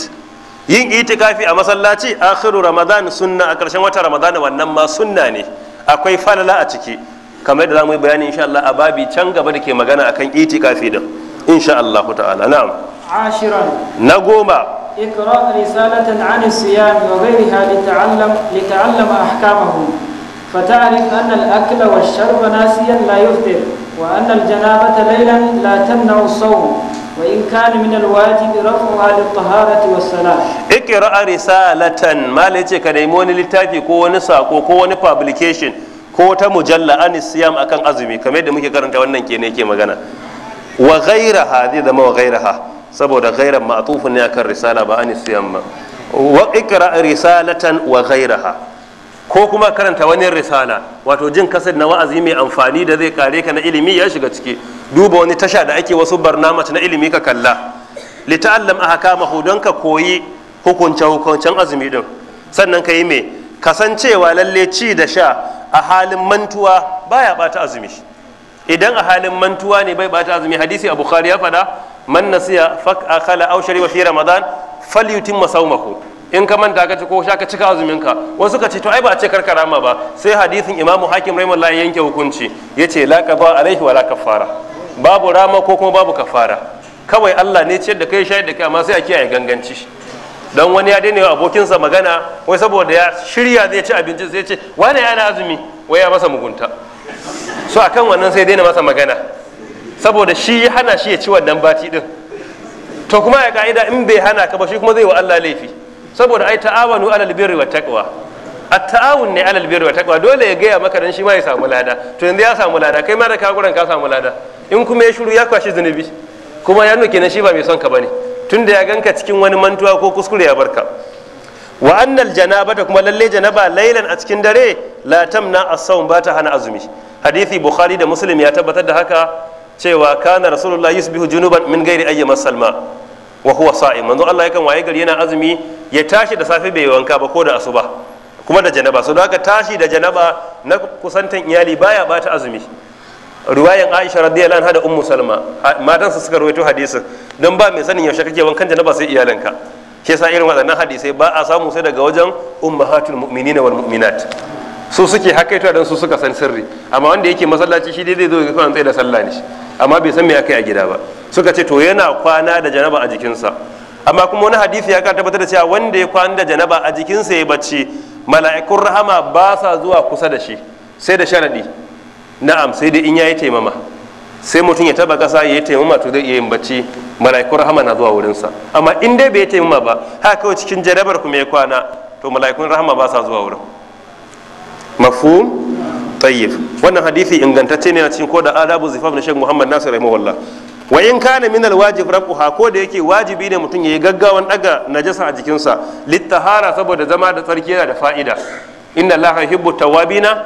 yin itikafi a masallaci akhiru ramadan sunna a karshen wata ramadana wannan ma sunna ne akwai falala a ciki kamar da za mu yi bayani insha Allah a babi can gaba da ke magana akan itikafi din sha Allah ta'ala na'am ashiran na goma اقرأ رسالة عن الصيام وغيرها لتعلم لتعلم أحكامه فتعرف أن الأكل والشرب ناسيا لا يفطر وأن الجنابة ليلا لا تمنع الصوم وإن كان من الواجب رفعها للطهارة والصلاة اقرأ رسالة ما ليتي كنيمون لتافي كو نساكو كو publication ko ta mujalla an siyam akan azumi kamar yadda muke karanta wannan kene yake magana wa ghairaha zai zama wa ha saboda ghairan ma'tufun ne akan risala ba an siyan ba wa ikra risalatan wa ha. ko kuma karanta wani risala wato jin kasar na wa'azi mai amfani da zai kare ka na ilimi ya shiga ciki duba wani tasha da ake wasu barnamaci na ilimi ka kalla lita'allam ahkamahu don ka koyi hukunce hukuncen azumi din sannan ka yi me kasancewa lalle ci da sha a halin mantuwa baya bata azumi idan a halin mantuwa ne bai bata azumi hadisi a bukhari ya fada man nasiya fak akala aw shariba fi ramadan falyutim masawmahu in ka manta ka ci ko sha ka cika azumin ka wasu ka ce to ai ba a ce ka rama ba sai hadisin imamu hakim rahimahullah yanke hukunci yace la qada alaihi wa la kafara babu rama ko kuma babu kafara kawai Allah ne ciyar da kai shayar da kai amma sai a kiyaye ganganci dan wani ya daina abokinsa magana wai saboda ya shirya zai ci abinci sai ya ce wani yana azumi wai ya masa mugunta so a kan wannan sai na masa magana saboda shi ya hana shi ya ci wannan bati din to kuma ya ka'ida in bai hana ka ba shi kuma zai wa Allah laifi saboda ai ta'awanu alal birri wa taqwa at ta'awun ne alal birri wa taqwa dole ya gaya maka dan shi ma ya samu lada to yanzu ya samu lada kai ma da ka guran ka samu lada in kuma ya shiru ya kwashi zunubi kuma ya nuke na shi ba mai son ka bane tunda ya ganka cikin wani mantuwa ko kuskure ya barka wa annal janaba da kuma lalle janaba lailan a cikin dare la tamna as-sawm ba ta hana azumi hadisi bukhari da muslim ya tabbatar da haka cewa kana rasulullah yusbihu junuban min ghairi ayyi masalma wa huwa sa'im manzo Allah yakan waye gari yana azumi ya tashi da safe bai wanka ba ko da asuba kuma da janaba so haka tashi da janaba na kusantan iyali baya bata azumi riwayan Aisha radiyallahu anha da Ummu Salma matansa suka rawaito hadisin don ba mai sanin yaushe kake wankan janaba sai iyalanka shi yasa irin waɗannan hadisai ba a samu sai daga wajen ummahatul mu'minina wal mu'minat su suke hakaito dan su suka san sirri amma wanda yake masallaci shi dai zai zo ga tsaye da sallah ne amma bai san me akai a gida ba suka ce to yana kwana da janaba a jikinsa amma kuma wani hadisi ya ka tabbatar da cewa wanda ya kwana da janaba a jikinsa ya bacci mala'ikun rahama ba sa zuwa kusa da shi sai da sharadi na'am sai dai in yayi taimama sai mutum ya taba kasa ya yi taimama to zai iya yin bacci mala'ikun rahama na zuwa wurinsa amma in dai bai taimama ba haka kawai cikin jarabar kuma ya kwana to mala'ikun rahama ba sa zuwa wurin mafhum tayyib wannan hadisi ingantacce ne a cikin ko da adabu zifaf na shek muhammad nasir rahimahullah wa in kana min alwajib rafuha ko da yake wajibi ne mutum yayi gaggawan daga najasa a jikinsa littahara saboda zama da tsarki yana da fa'ida inna allaha yuhibbu tawabina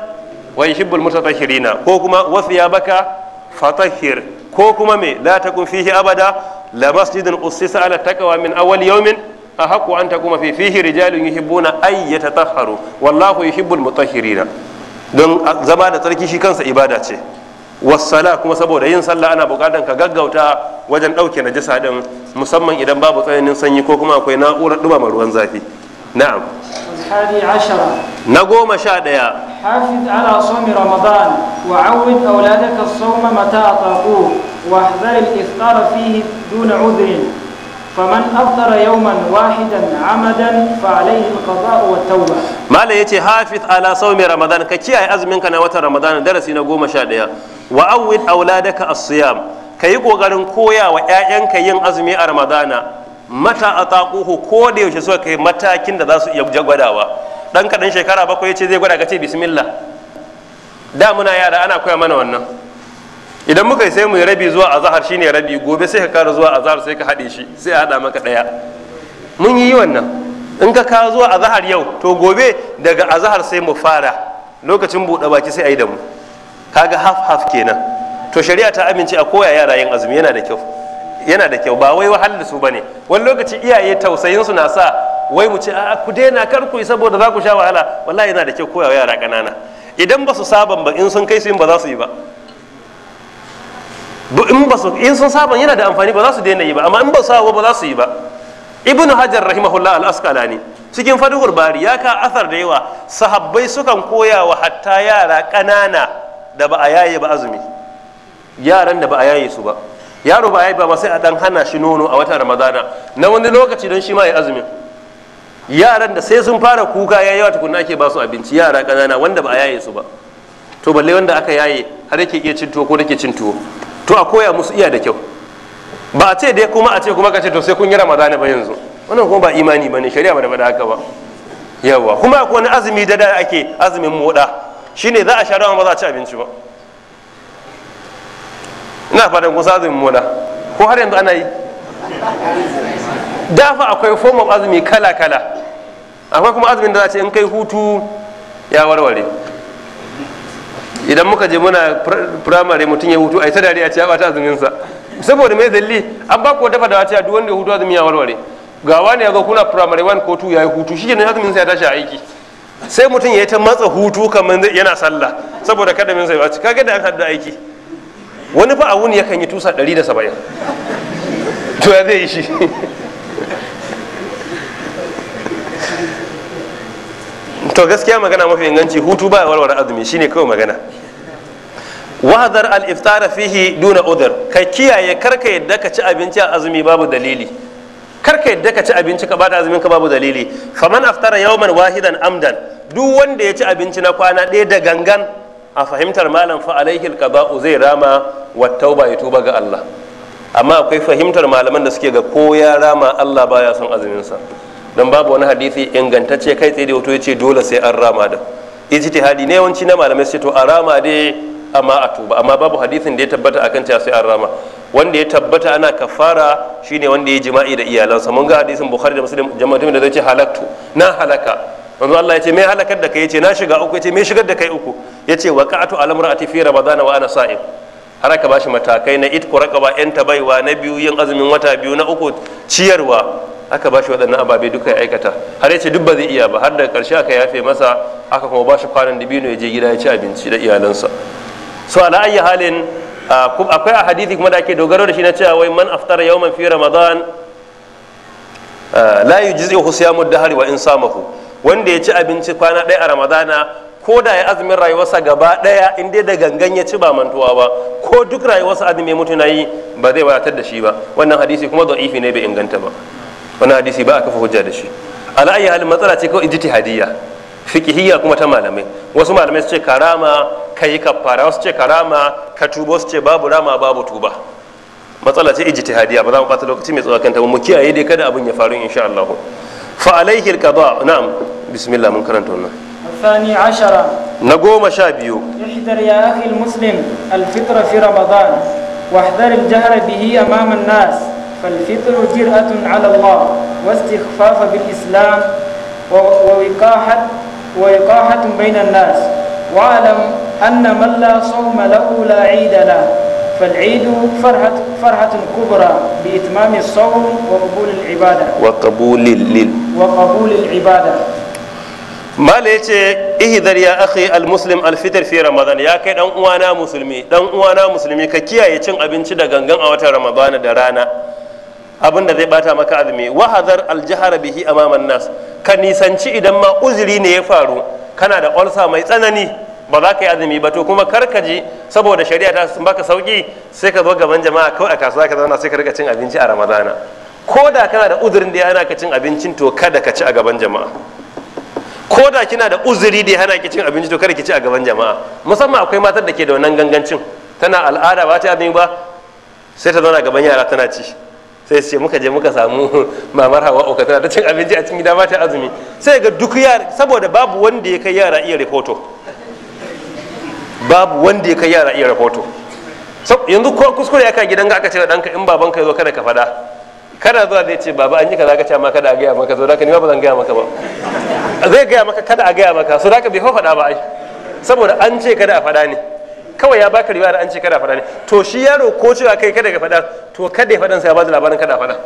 wa yuhibbu almutatahhirina ko kuma baka. fatahir ko kuma me la takun fihi abada la masjidun ussisa ala taqwa min awwal yawmin ahqqu an takuma fi fihi rijalun yuhibbuna ay yatatahharu wallahu yuhibbul mutahhirina don zama da tsarki shi kansa ibada ce wassala kuma saboda yin sallah ana bukatan ka gaggauta wajen ɗauke najasa din musamman idan babu tsananin sanyi ko kuma akwai na'urar dumama ruwan zafi na'am الحادي عشر نقوم شاديا حافظ على صوم رمضان وعود أولادك الصوم متى أطاقوه واحذر الإفطار فيه دون عذر فمن أفطر يوما واحدا عمدا فعليه القضاء والتوبة ما لا يتي حافظ على صوم رمضان كتي أي أزمن كان وتر رمضان درسي نقوم شاديا وعود أولادك الصيام ka yi ƙoƙarin koya wa 'ya'yanka yin azumi a ramadana mata a taƙuhu ko da yaushe suka kai matakin da za su iya gwadawa ɗan kaɗan shekara bakwai ce zai gwada ka ce bismillah da muna yara ana koya mana wannan idan muka yi sai mu yi rabi zuwa azahar shine rabi gobe sai ka kara zuwa zahar sai ka haɗe shi sai a haɗa maka ɗaya mun yi wannan in ka kawo zuwa azahar yau to gobe daga azahar sai mu fara lokacin buɗe baki sai ayi da mu kaga haf haf kenan to shari'a ta amince a koya yara yin azumi yana da kyau yana da kyau ba wai wahal su bane wani lokaci iyaye tausayin su na sa wai mu ce a ku daina kar ku saboda za ku sha wahala wallahi yana da kyau koyawa yara ƙanana idan ba su saban ba in sun kai su in ba za su yi ba in ba su in sun saban yana da amfani ba za su daina yi ba amma in ba su saba ba za su yi ba ibnu hajar rahimahullah al-asqalani cikin fadhul bari ya ka athar da yawa sahabbai sukan koya wa hatta yara kanana da ba a yaye ba azumi yaran da ba a yaye su ba yaro ba ya ba sai a dan hana shi nono a watan ramadana na wani lokaci don shi ma ya azumin yaran da sai sun fara kuka ya yi yawa tukunna ake ba su abinci yara kanana wanda ba a yaye su ba to balle wanda aka yaye har yake iya cin tuwo ko nake cin tuwo to a koya musu iya da kyau ba a ce dai kuma a ce kuma ka ce to sai kun yi ramadana ba yanzu wannan kuma ba imani ba ne shari'a ba da bada haka ba yawa kuma akwai wani azumi da da ake azumin moda shine za a sha rawa ba za a ci abinci ba ina fatan kun azumin muna ko har yanzu ana yi dafa akwai form of azumi kala kala akwai kuma azumin da za ce in kai hutu ya warware idan muka je muna firamare mutum ya hutu a yi ta dariya ce ya bata azuminsa saboda mai zalli an ba ku dafa da wace duk wanda ya hutu azumi ya warware ga wani ya zo kuna firamare wani ko ya yi hutu shi ne azuminsa ya tashi a aiki sai mutum ya yi ta matsa hutu kamar yana sallah saboda kada min sai ba ci kaga da an hadda aiki wani fa a wuni yakan yi tusa 170 to ya zai yi shi to gaskiya magana mafi inganci hutu ba warware azumi shine kawai magana wahadar al iftara fihi duna udhr ka kiyaye karka yadda ka ci abinci a azumi babu dalili karka yadda ka ci abinci ka bata azumin ka babu dalili faman aftara yawman wahidan amdan duk wanda ya ci abinci na kwana ɗaya da gangan a fahimtar malam fa alaihil qada'u zai rama wa tauba ya tuba ga Allah amma akwai fahimtar malaman da suke ga ko ya rama Allah baya son azumin sa dan babu wani hadisi ingantacce kai tsaye da wato ya ce dole sai an rama da ijtihadi ne yawanci na malamai su to a rama dai amma a tuba amma babu hadisin da ya tabbata akan cewa sai an rama wanda ya tabbata ana kafara shine wanda ya jima'i da iyalansa mun ga hadisin bukhari da muslim jama'atun da zai ce halaktu na halaka manzo Allah ya ce mai halakar da kai yace na shiga uku yace mai shigar da kai uku yace wa qa'atu ta imraati fi ramadana wa ana sa'im har aka bashi matakai na itku raqaba yan tabaiwa na biyu yin azumin wata biyu na uku ciyarwa aka bashi waɗannan ababe duka ya aikata har yace duk ba zai iya ba har da ƙarshe aka yafe masa aka kuma bashi kwanan dibino ya je gida ya ci abinci da iyalansa so ala ayyi halin akwai a hadisi kuma da ake dogaro da shi na cewa wai man aftara yawman fi ramadan la yujzi'uhu siyamu dahri wa in samahu wanda ya ci abinci kwana ɗaya a ramadana ko da ya azumin rayuwarsa gaba ɗaya in dai da gangan ya ci ba mantuwa ba ko duk rayuwarsa azumi mutu na yi ba zai wadatar da shi ba wannan hadisi kuma ifi ne bai inganta ba wannan hadisi ba a kafa hujja da shi ala ayi halin matsala ce kawai hadiyya fikihiyya kuma ta malamai wasu malamai su ce karama kai kaffara wasu ce karama ka tuba wasu ce babu rama babu tuba matsala ce hadiyya ba za mu bata lokaci mai tsawon kanta mu kiyaye dai kada abin ya faru insha Allah فعليه القضاء نعم بسم الله من كرنت الثاني عشر نقوم شابيو احذر يا أخي المسلم الفطر في رمضان واحذر الجهر به أمام الناس فالفطر جرأة على الله واستخفاف بالإسلام ووقاحة ووقاحة بين الناس واعلم أن من لا صوم له لا عيد له فالعيد فرحة فرحة كبرى بإتمام الصوم وقبول العبادة وقبول لل وقبول العبادة ما ليتي اهدر يا أخي المسلم الفطر في رمضان يا كي دان وانا مسلمي دان وانا مسلمي ككياye cin abinci da gangan a watan Ramadan da rana abin da zai bata maka azumi wa hadar aljahar bihi amaman nas ka nisanci idan ma uzuri ne ya faru kana da ulsa mai tsanani ba za ka yi azumi ba to kuma kar ka ji saboda shari'a ta baka sauki sai ka zo gaban jama'a kawai a kasuwa ka zauna sai ka rika cin abinci a ramadana ko da kana da uzurin da ya hana ka cin abincin to kada ka ci a gaban jama'a ko da kina da uzuri da ya hana ki cin abinci to kada ki ci a gaban jama'a musamman akwai matar da ke da wannan gangancin tana al'ada ba ta azumi ba sai ta zauna gaban yara tana ci sai ce muka je muka samu mamar hawa oka tana ta cin abinci a cikin gida ba ta azumi sai ga duk yara saboda babu wanda ya kai yara iya rahoto babu wanda ya kai yara iya rahoto yanzu ko kuskure aka gidan ga aka ce danka in babanka ka zo kada ka fada kada zuwa zai ce baba an yi kaza ka ce amma kada a gaya maka zo da ka ni ba zan gaya maka ba zai gaya maka kada a gaya maka so da ka bai faɗa ba ai saboda an ce kada a fada ne kawai ya baka da an ce kada a fada ne to shi yaro ko cewa kai kada ka fada to kada ya fada sai ya ba da labarin kada a fada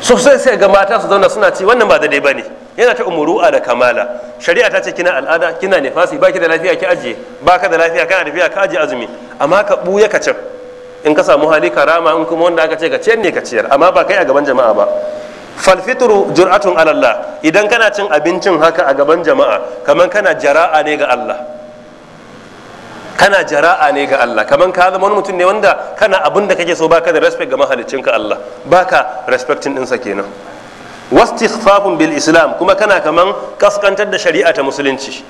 sosai sai sai ga mata su zauna suna ci wannan ba daidai ba ne yana ta umuru'a da kamala shari'a ta ce kina al'ada kina nifasi baki da lafiya ki ajiye baka da lafiya kana tafiya ka ajiye azumi amma ka buya ka cin in ka samu hali karama in kuma wanda aka ce ka ciyar ne ka ciyar amma ba kai a gaban jama'a ba falfituru jur'atun alalla idan kana cin abincin haka a gaban jama'a kaman kana jara'a ne ga Allah kana jara'a ne ga Allah kaman ka zama wani mutum ne wanda kana abin da kake so baka da respect ga mahaliccinka Allah baka respecting ɗinsa kenan wastighfafun bil islam kuma kana kaman kaskantar da shari'a ta musulunci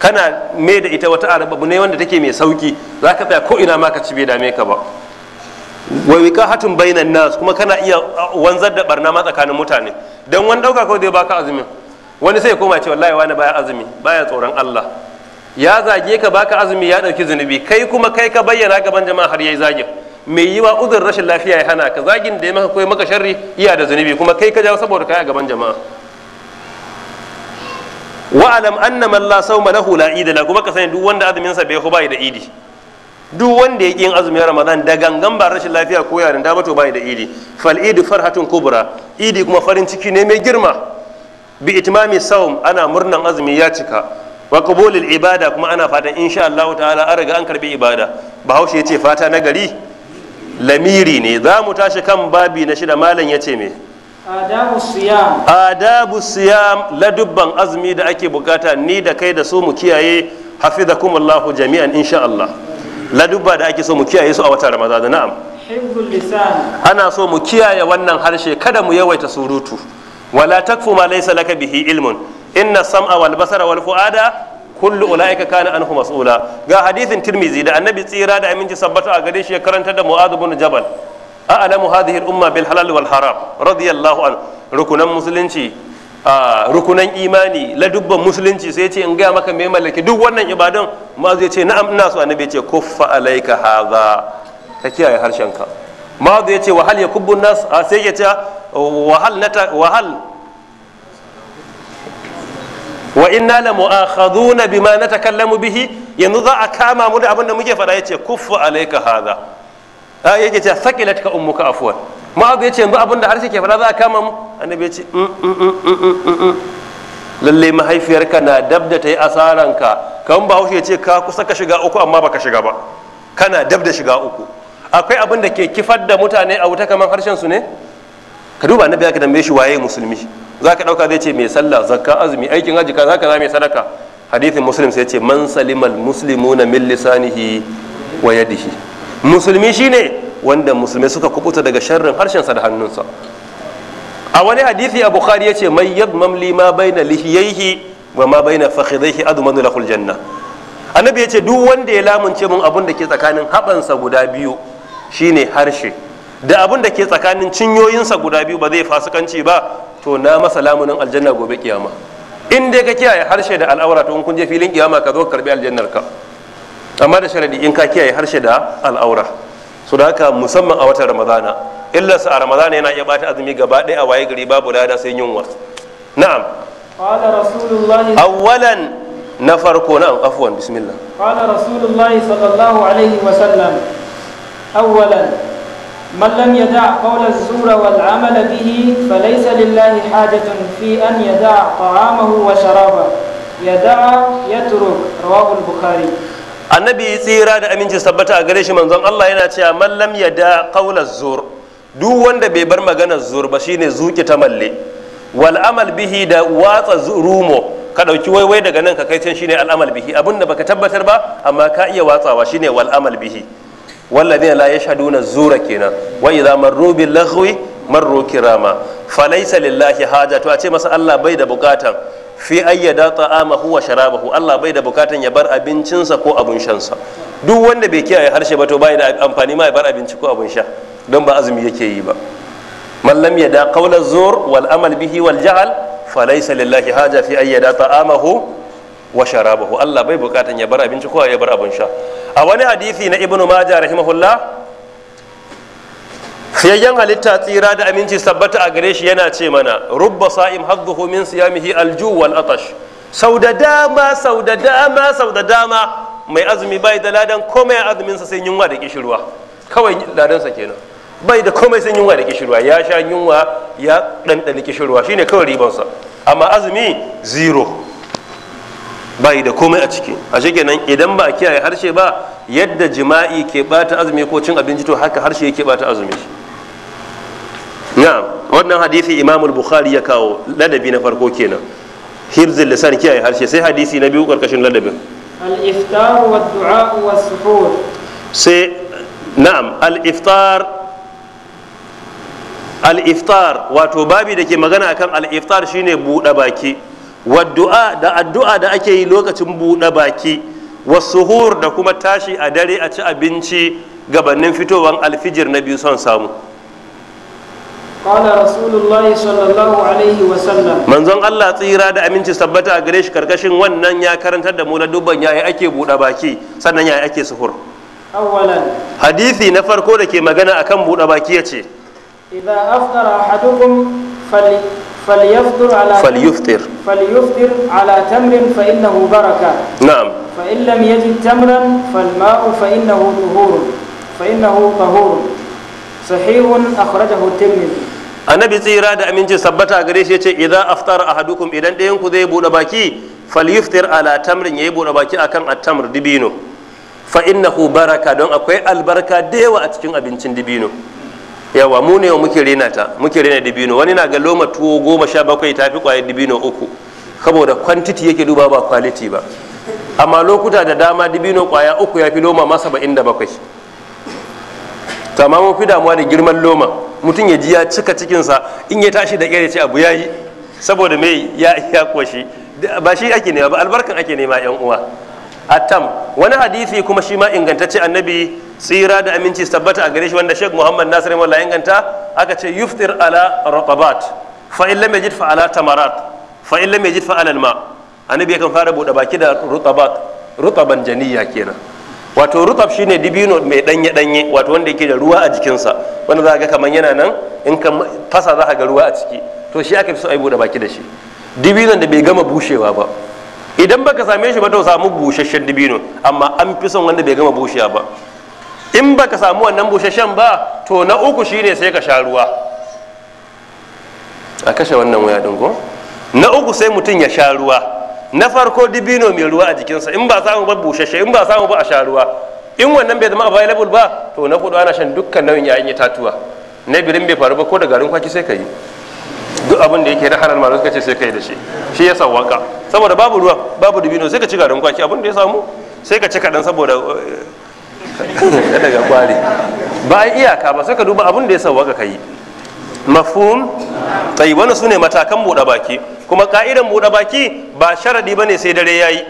kana mai da ita wata arababu ne wanda take mai sauki za ka tsaya ko ina ma ka ci bai dame ka ba wa wiqahatun bainan nas kuma kana iya wanzar da barna ma tsakanin mutane dan wani dauka kawai zai baka azumin wani sai koma ya ce wallahi wani baya azumi baya tsoron Allah ya zage ka baka azumi ya dauki zunubi kai kuma kai ka bayyana gaban jama'a har yayi zagin mai yiwa uzurin rashin lafiya ya hana ka zagin da ya maka koyi maka sharri iya da zunubi kuma kai ka jawo saboda kai a gaban jama'a wa alam anna man la sawma lahu la ida la kuma ka sani duk wanda azumin sa bai ko bai da idi duk wanda ya yin azumin ramadan da gangan ba rashin lafiya ko yarin da to bai da idi fal idi farhatun kubra idi kuma farin ciki ne mai girma bi itmami sawm ana murnan azumi ya cika wa qabulil ibada kuma ana fatan insha Allah ta'ala an riga an karbi ibada bahaushe ya ce fata na gari lamiri ne za mu tashi kan babi na shida malam ya ce me adabu siyam ladubban azumi da ake bukata ni da kai da su mu kiyaye hafizakumullahu jami'an insha Allah ladubba da ake so mu kiyaye su a wata ramadana. na'am ana so mu kiyaye wannan harshe kada mu yawaita surutu wala takfu ma laysa laka bihi ilmun inna sam'a wal basara wal fuada kullu ulaika kana anhu mas'ula ga hadithin tirmizi da annabi tsira da aminci sabbata a gare shi ya karanta da mu'adh bin jabal a'lamu hadhihi al-umma bil halal wal haram radiyallahu an rukunan musulunci a rukunan imani ladubban musulunci sai ce in gaya maka mai mallaki duk wannan ibadan ma zai ce na'am ina so annabi ce kuffa alaika hadha ka kiyaye harshenka ma zai ce wahal yakubbu nas sai ya wahal nata wahal wa inna la mu'akhaduna bima natakallamu bihi yanzu za a kama mu da abin da muke faɗa yace kuffu alayka hadha a yake ce sakilat ka ummuka afwan abu yace yanzu abin da harshe ke faɗa za a kama mu annabi yace mm, mm, mm, lalle mahaifiyarka na dab da ta yi asaranka kan bahaushe ya ce ka kusa ka shiga uku amma baka shiga ba kana dab da shiga uku akwai abin da ke kifar da mutane a wuta kamar harshen su ne ka duba annabi ya ka dambe shi waye musulmi za ka ɗauka zai ce mai sallah zakka azumi aikin haji ka zaka za mai sadaka hadithin muslim sai ce man salimal muslimuna min lisanihi wa yadihi musulmi shine wanda musulmi suka kubuta daga sharrin harshen sa da hannunsa a wani hadithi a bukhari ya ce mai yadmam li ma baina lihiyaihi wa ma baina fakhidaihi admanu lahul janna annabi ya ce duk wanda ya lamunce mun abun da ke tsakanin haɓansa guda biyu shine harshe da abun da ke tsakanin cinyoyinsa guda biyu ba zai fasikanci ba to na masa lamunin aljanna gobe kiyama in dai ka kiyaye harshe da al'aura to kun je filin kiyama ka zo karbi aljannar ka amma da sharadi in ka kiyaye harshe da al'aura so da haka musamman a watan ramadana sa a ramadana yana iya bata azumi gaba ɗaya a waye gari babu lada sai yunwa na'am qala rasulullahi awwalan na farko na'am afwan bismillah qala rasulullahi sallallahu alaihi wa sallam awwalan من لم يدع قول الزور والعمل به فليس لله حاجة في أن يدع طعامه وشرابه يدع يترك رواه البخاري annabi tsira da aminci sabbata a gare shi manzon Allah yana cewa man lam yada qawla zur duk wanda bai bar maganar zur ba shine zuki ta malle wal amal bihi da watsa rumo ka dauki waiwai daga nan ka kai can shine al amal bihi abinda baka tabbatar ba amma ka iya watsawa shine wal amal bihi والذين لا يشهدون الزور كنا وإذا مروا باللغو مروا haja to a ce masa Allah bai da bukatan fi ayyada ta'amahu wa sharabahu Allah bai da bukatan ya bar abincinsa ko abun shansa duk wanda bai kiyaye harshe ba ya da amfani ma ya bar abinci ko abin sha don ba azumi yake yi ba mallam ya da qawla zur wal amal bihi wal jahal falaysa lillahi haja fi ayyada ta'amahu wa sharabahu Allah bai bukatan ya bar abinci ko ya bar abin sha a wani hadisi na ibnu majah rahimahullah fiyayyen halitta tsira da aminci sabbata a gare shi yana ce mana rubba sa'im hadduhu min siyamihi alju wal atash sau da dama sau da dama sau da dama mai azumi bai da ladan komai a azumin sa sai yunwa da kishirwa kawai ladansa kenan bai da komai sai yunwa da kishirwa ya sha yunwa ya ɗanɗani kishirwa shine kawai ribansa amma azumi zero bai da komai a ciki a kenan idan ba kiyaye harshe ba yadda jima'i ke bata azumi ko cin abinci to haka harshe yake bata azumi na'am wannan hadisi imamu bukhari ya kawo ladabi na farko kenan hirzul lisan kiyaye harshe sai hadisi na biyu karkashin ladabin al-iftar wa du'a wa suhur sai na'am al-iftar al-iftar wato babi da ke magana akan al-iftar shine buɗe baki waddu'a da addu'a da ake yi lokacin buɗe baki wasuhur da kuma tashi a dare a ci abinci gabanin fitowar alfijir na biyu son samu Kala sallallahu Alaihi sallam. Manzon Allah tsira da aminci sabbata a gare shi karkashin wannan ya karantar da mu na dubban yayi ake buɗe baki sannan yayi ake suhur. Hadithi Hadisi na farko da ke magana akan buɗe baki ya ce. aftara ahadukum فليفطر على فليفطر فليفطر على تمر فإنه بركة نعم فإن لم يجد تمرا فالماء فإنه طهور فإنه طهور صحيح أخرجه الترمذي annabi tsira da aminci sabbata a gare shi yace idza aftara ahadukum idan ɗayan ku zai bude baki falyuftir ala tamrin yayi bude baki akan at-tamr dibino fa innahu baraka don akwai albarka da yawa a cikin abincin dibino yawa mu ne muke rena ta muke rena dibino wani na ga loma tuwo goma sha bakwai tafi kwaye dibino uku saboda kwantiti yake duba ba kwaliti ba amma lokuta da dama dibino kwaya uku ya fi loma masa ba inda bakwai to amma mun fi damuwa da girman loma mutum ya ji ya cika cikinsa in ya tashi da kere ce abu ya yi saboda mai ya ya koshi ba shi ake nema ba albarkan ake nema yan uwa attam wani hadisi kuma shi ma ingantacce annabi tsira da aminci tabbata a gare shi wanda Sheikh Muhammad Nasir Mawla inganta aka ce yuftir ala ratabat fa in lam yajid ala tamarat fa in lam yajid fa ala alma annabi yakan fara bude baki da rutabat rutaban janiya kenan wato rutab shine dibino mai danye danye wato wanda yake da ruwa a jikinsa wanda za ga kaman yana nan in ka fasa za ga ruwa a ciki to shi aka fi so a yi bude baki da shi dibino da bai gama bushewa ba idan baka same shi ba to samu busasshen dibino amma an fi son wanda bai gama bushiya ba in baka samu wannan busasshen ba to na uku shine sai ka sha ruwa a kashe wannan waya dinko na uku sai mutum ya sha ruwa na farko dibino mai ruwa a jikinsa in ba samu ba bushashe in ba samu ba a sha ruwa in wannan bai zama available ba to na kudu ana shan dukkan nauyin yayin tatuwa. na birin bai faru ba ko da garin kwaki sai ka yi duk abin da yake da halal malamai suka ce sai kai da shi shi ya wanka saboda babu ruwa babu dubino sai ka ci garin kwaki abin da ya samu sai ka ci kaɗan saboda eh, daga kwari ba a iyaka ba sai ka duba abin da ya sawwaka ka yi mafhum tayi wannan sune matakan bude baki kuma ka'idan bude baki ba sharadi bane sai dare yayi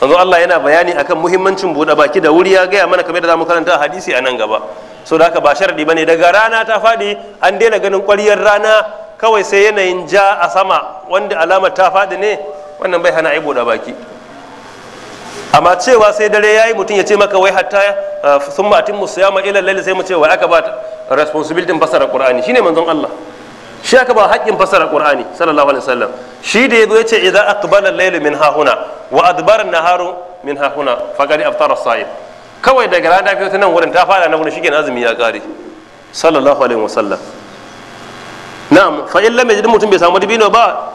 manzo Allah yana bayani akan muhimmancin buɗe baki da wuri ya gaya mana kamar da zamu karanta hadisi a nan gaba so da haka ba sharadi bane daga rana ta faɗi an daina ganin ƙwaryar rana kawai sai yanayin ja a sama wanda alamar ta faɗi ne wannan bai hana ai buɗe baki amma cewa sai dare yayi mutum ya ce maka wai hatta sun uh, matin musu ila ilal lalle sai mu ce wai aka ba responsibility fasara qur'ani shine manzon Allah shi aka ba haƙƙin fasara qur'ani sallallahu alaihi wasallam shi da yazo yace idza aqbala al-layl min hahuna wa adbara an-naharu min hahuna faqad aftara as-sa'im kawai daga rana ta nan wurin ta fara na wurin shikenan azumi ya kare sallallahu alaihi wasallam na'am fa in lam yajid mutum bai samu dibino ba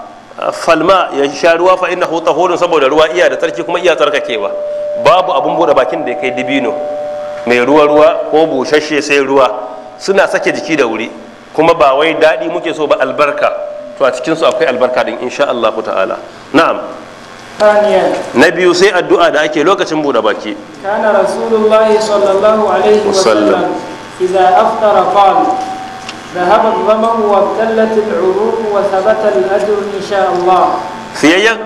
falma ya sha ruwa fa innahu tahurun saboda ruwa iya da tsarki kuma iya tsarkakewa babu abun bude bakin da ya kai dibino mai ruwa ruwa ko bushashe sai ruwa suna sake jiki da wuri kuma ba wai daɗi muke so ba albarka to a cikinsu akwai albarka din insha Allah ta'ala na'am na biyu sai addu'a da ake lokacin buɗe baki kana rasulullahi sallallahu alaihi wasallam idza aftara qala ذهب الظمأ وابتلت العروق وثبت الأجر إن شاء الله fiyayyen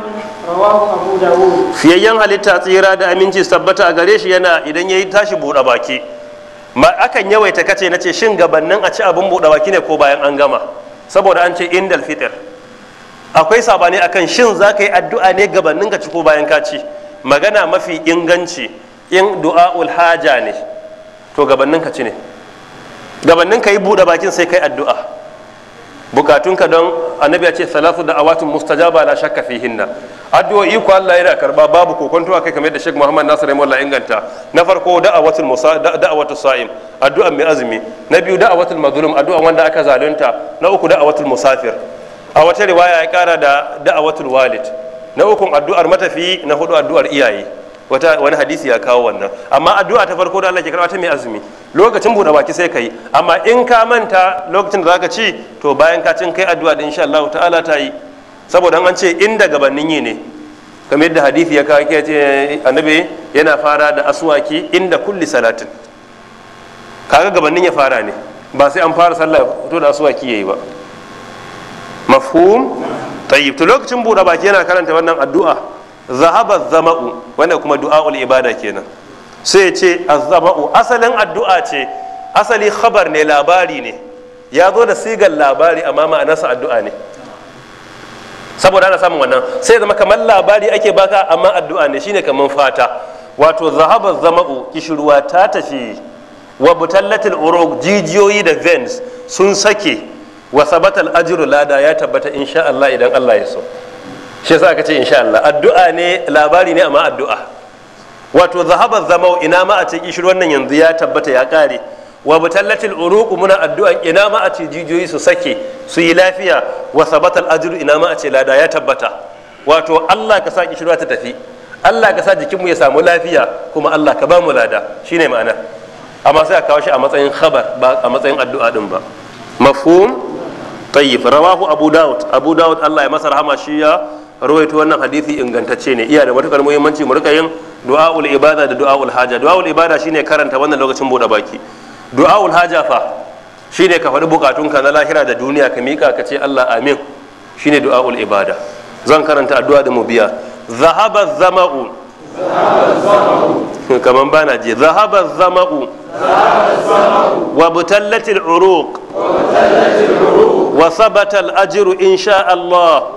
fiyayyen halitta tsira da aminci tabbata a gare shi yana idan ya yi tashi buɗe baki akan yawaita kace na ce shin gabannin a ci abin buɗe baki ne ko bayan an gama saboda an ce indal fitr akwai sabani akan shin za ka yi addu'a ne gabannin ka ci ko bayan ka ci magana mafi inganci in ul haja ne to gabannin ka ci ne gabannin ka yi buɗa bakin sai kai addu'a bukatunka don annabi ya ce salatu da awatun mustajaba la shakka hinna addu'o'i ko Allah yana karba babu kokonto kai kamar da Sheikh Muhammad Nasir Rahimahullah inganta na farko da'awatul musa sa'im addu'an mai azumi na biyu da'awatul mazlum addu'an wanda aka zalunta na uku da'awatul musafir a wata riwaya ya kara da da'awatul walid na ukun addu'ar matafi na hudu addu'ar iyaye wata wani hadisi ya kawo wannan amma addu'a ta farko da Allah ke karba ta mai azumi lokacin buɗe baki sai kai amma in ka manta lokacin da zaka ci to bayan ka cin kai addu'a da insha Allah ta'ala ta yi saboda an ce inda gabanin yi ne kamar yadda hadisi ya kawo annabi yana fara da aswaki inda kulli salatin kaga gabanin ya fara ne ba sai an fara sallah to da aswaki yayi ba mafhum tayyib to lokacin buɗe baki yana karanta wannan addu'a zahaba zama'u wanda kuma du'a'ul ibada kenan sai ya ce Zama'u asalin addu'a ce asali khabar ne labari ne ya zo da sigar labari amma ma'anarsa addu'a ne saboda ana samun wannan sai zama kamar labari ake baka amma addu'a ne shine kamar fata wato zahaba zama'u kishirwa ta tafi wa butallatil uruk jijiyoyi da vens sun sake wa sabatal ajru lada ya tabbata insha Allah idan Allah ya so shi yasa aka ce insha Allah addu'a ne labari ne amma addu'a wato zahaba zamau ina ma a ce kishir wannan yanzu ya tabbata ya kare wa butallatil uruqu muna addu'a ina ma a ce jijiyoyi su sake su yi lafiya wa sabatal ajru ina ma a ce lada ya tabbata wato Allah ka sa kishirwa ta tafi Allah ka sa jikinmu ya samu lafiya kuma Allah ka ba mu lada shine ma'ana amma sai a kawo shi a matsayin khabar ba a matsayin addu'a din ba mafhum tayyib rawahu abu daud abu daud Allah ya masa rahama shi ya rawaito wannan hadisi ingantacce ne iya da matukar muhimmanci mu rika yin du'aul ibada da du'aul haja du'aul ibada shine karanta wannan lokacin bude baki du'aul haja fa shine ka faɗi ka na lahira da duniya ka mika ka ce Allah amin shine du'aul ibada zan karanta addu'a da mu biya zahaba zama'u kaman bana je zahaba zama'u wa butallatil uruq wa sabata al-ajru insha Allah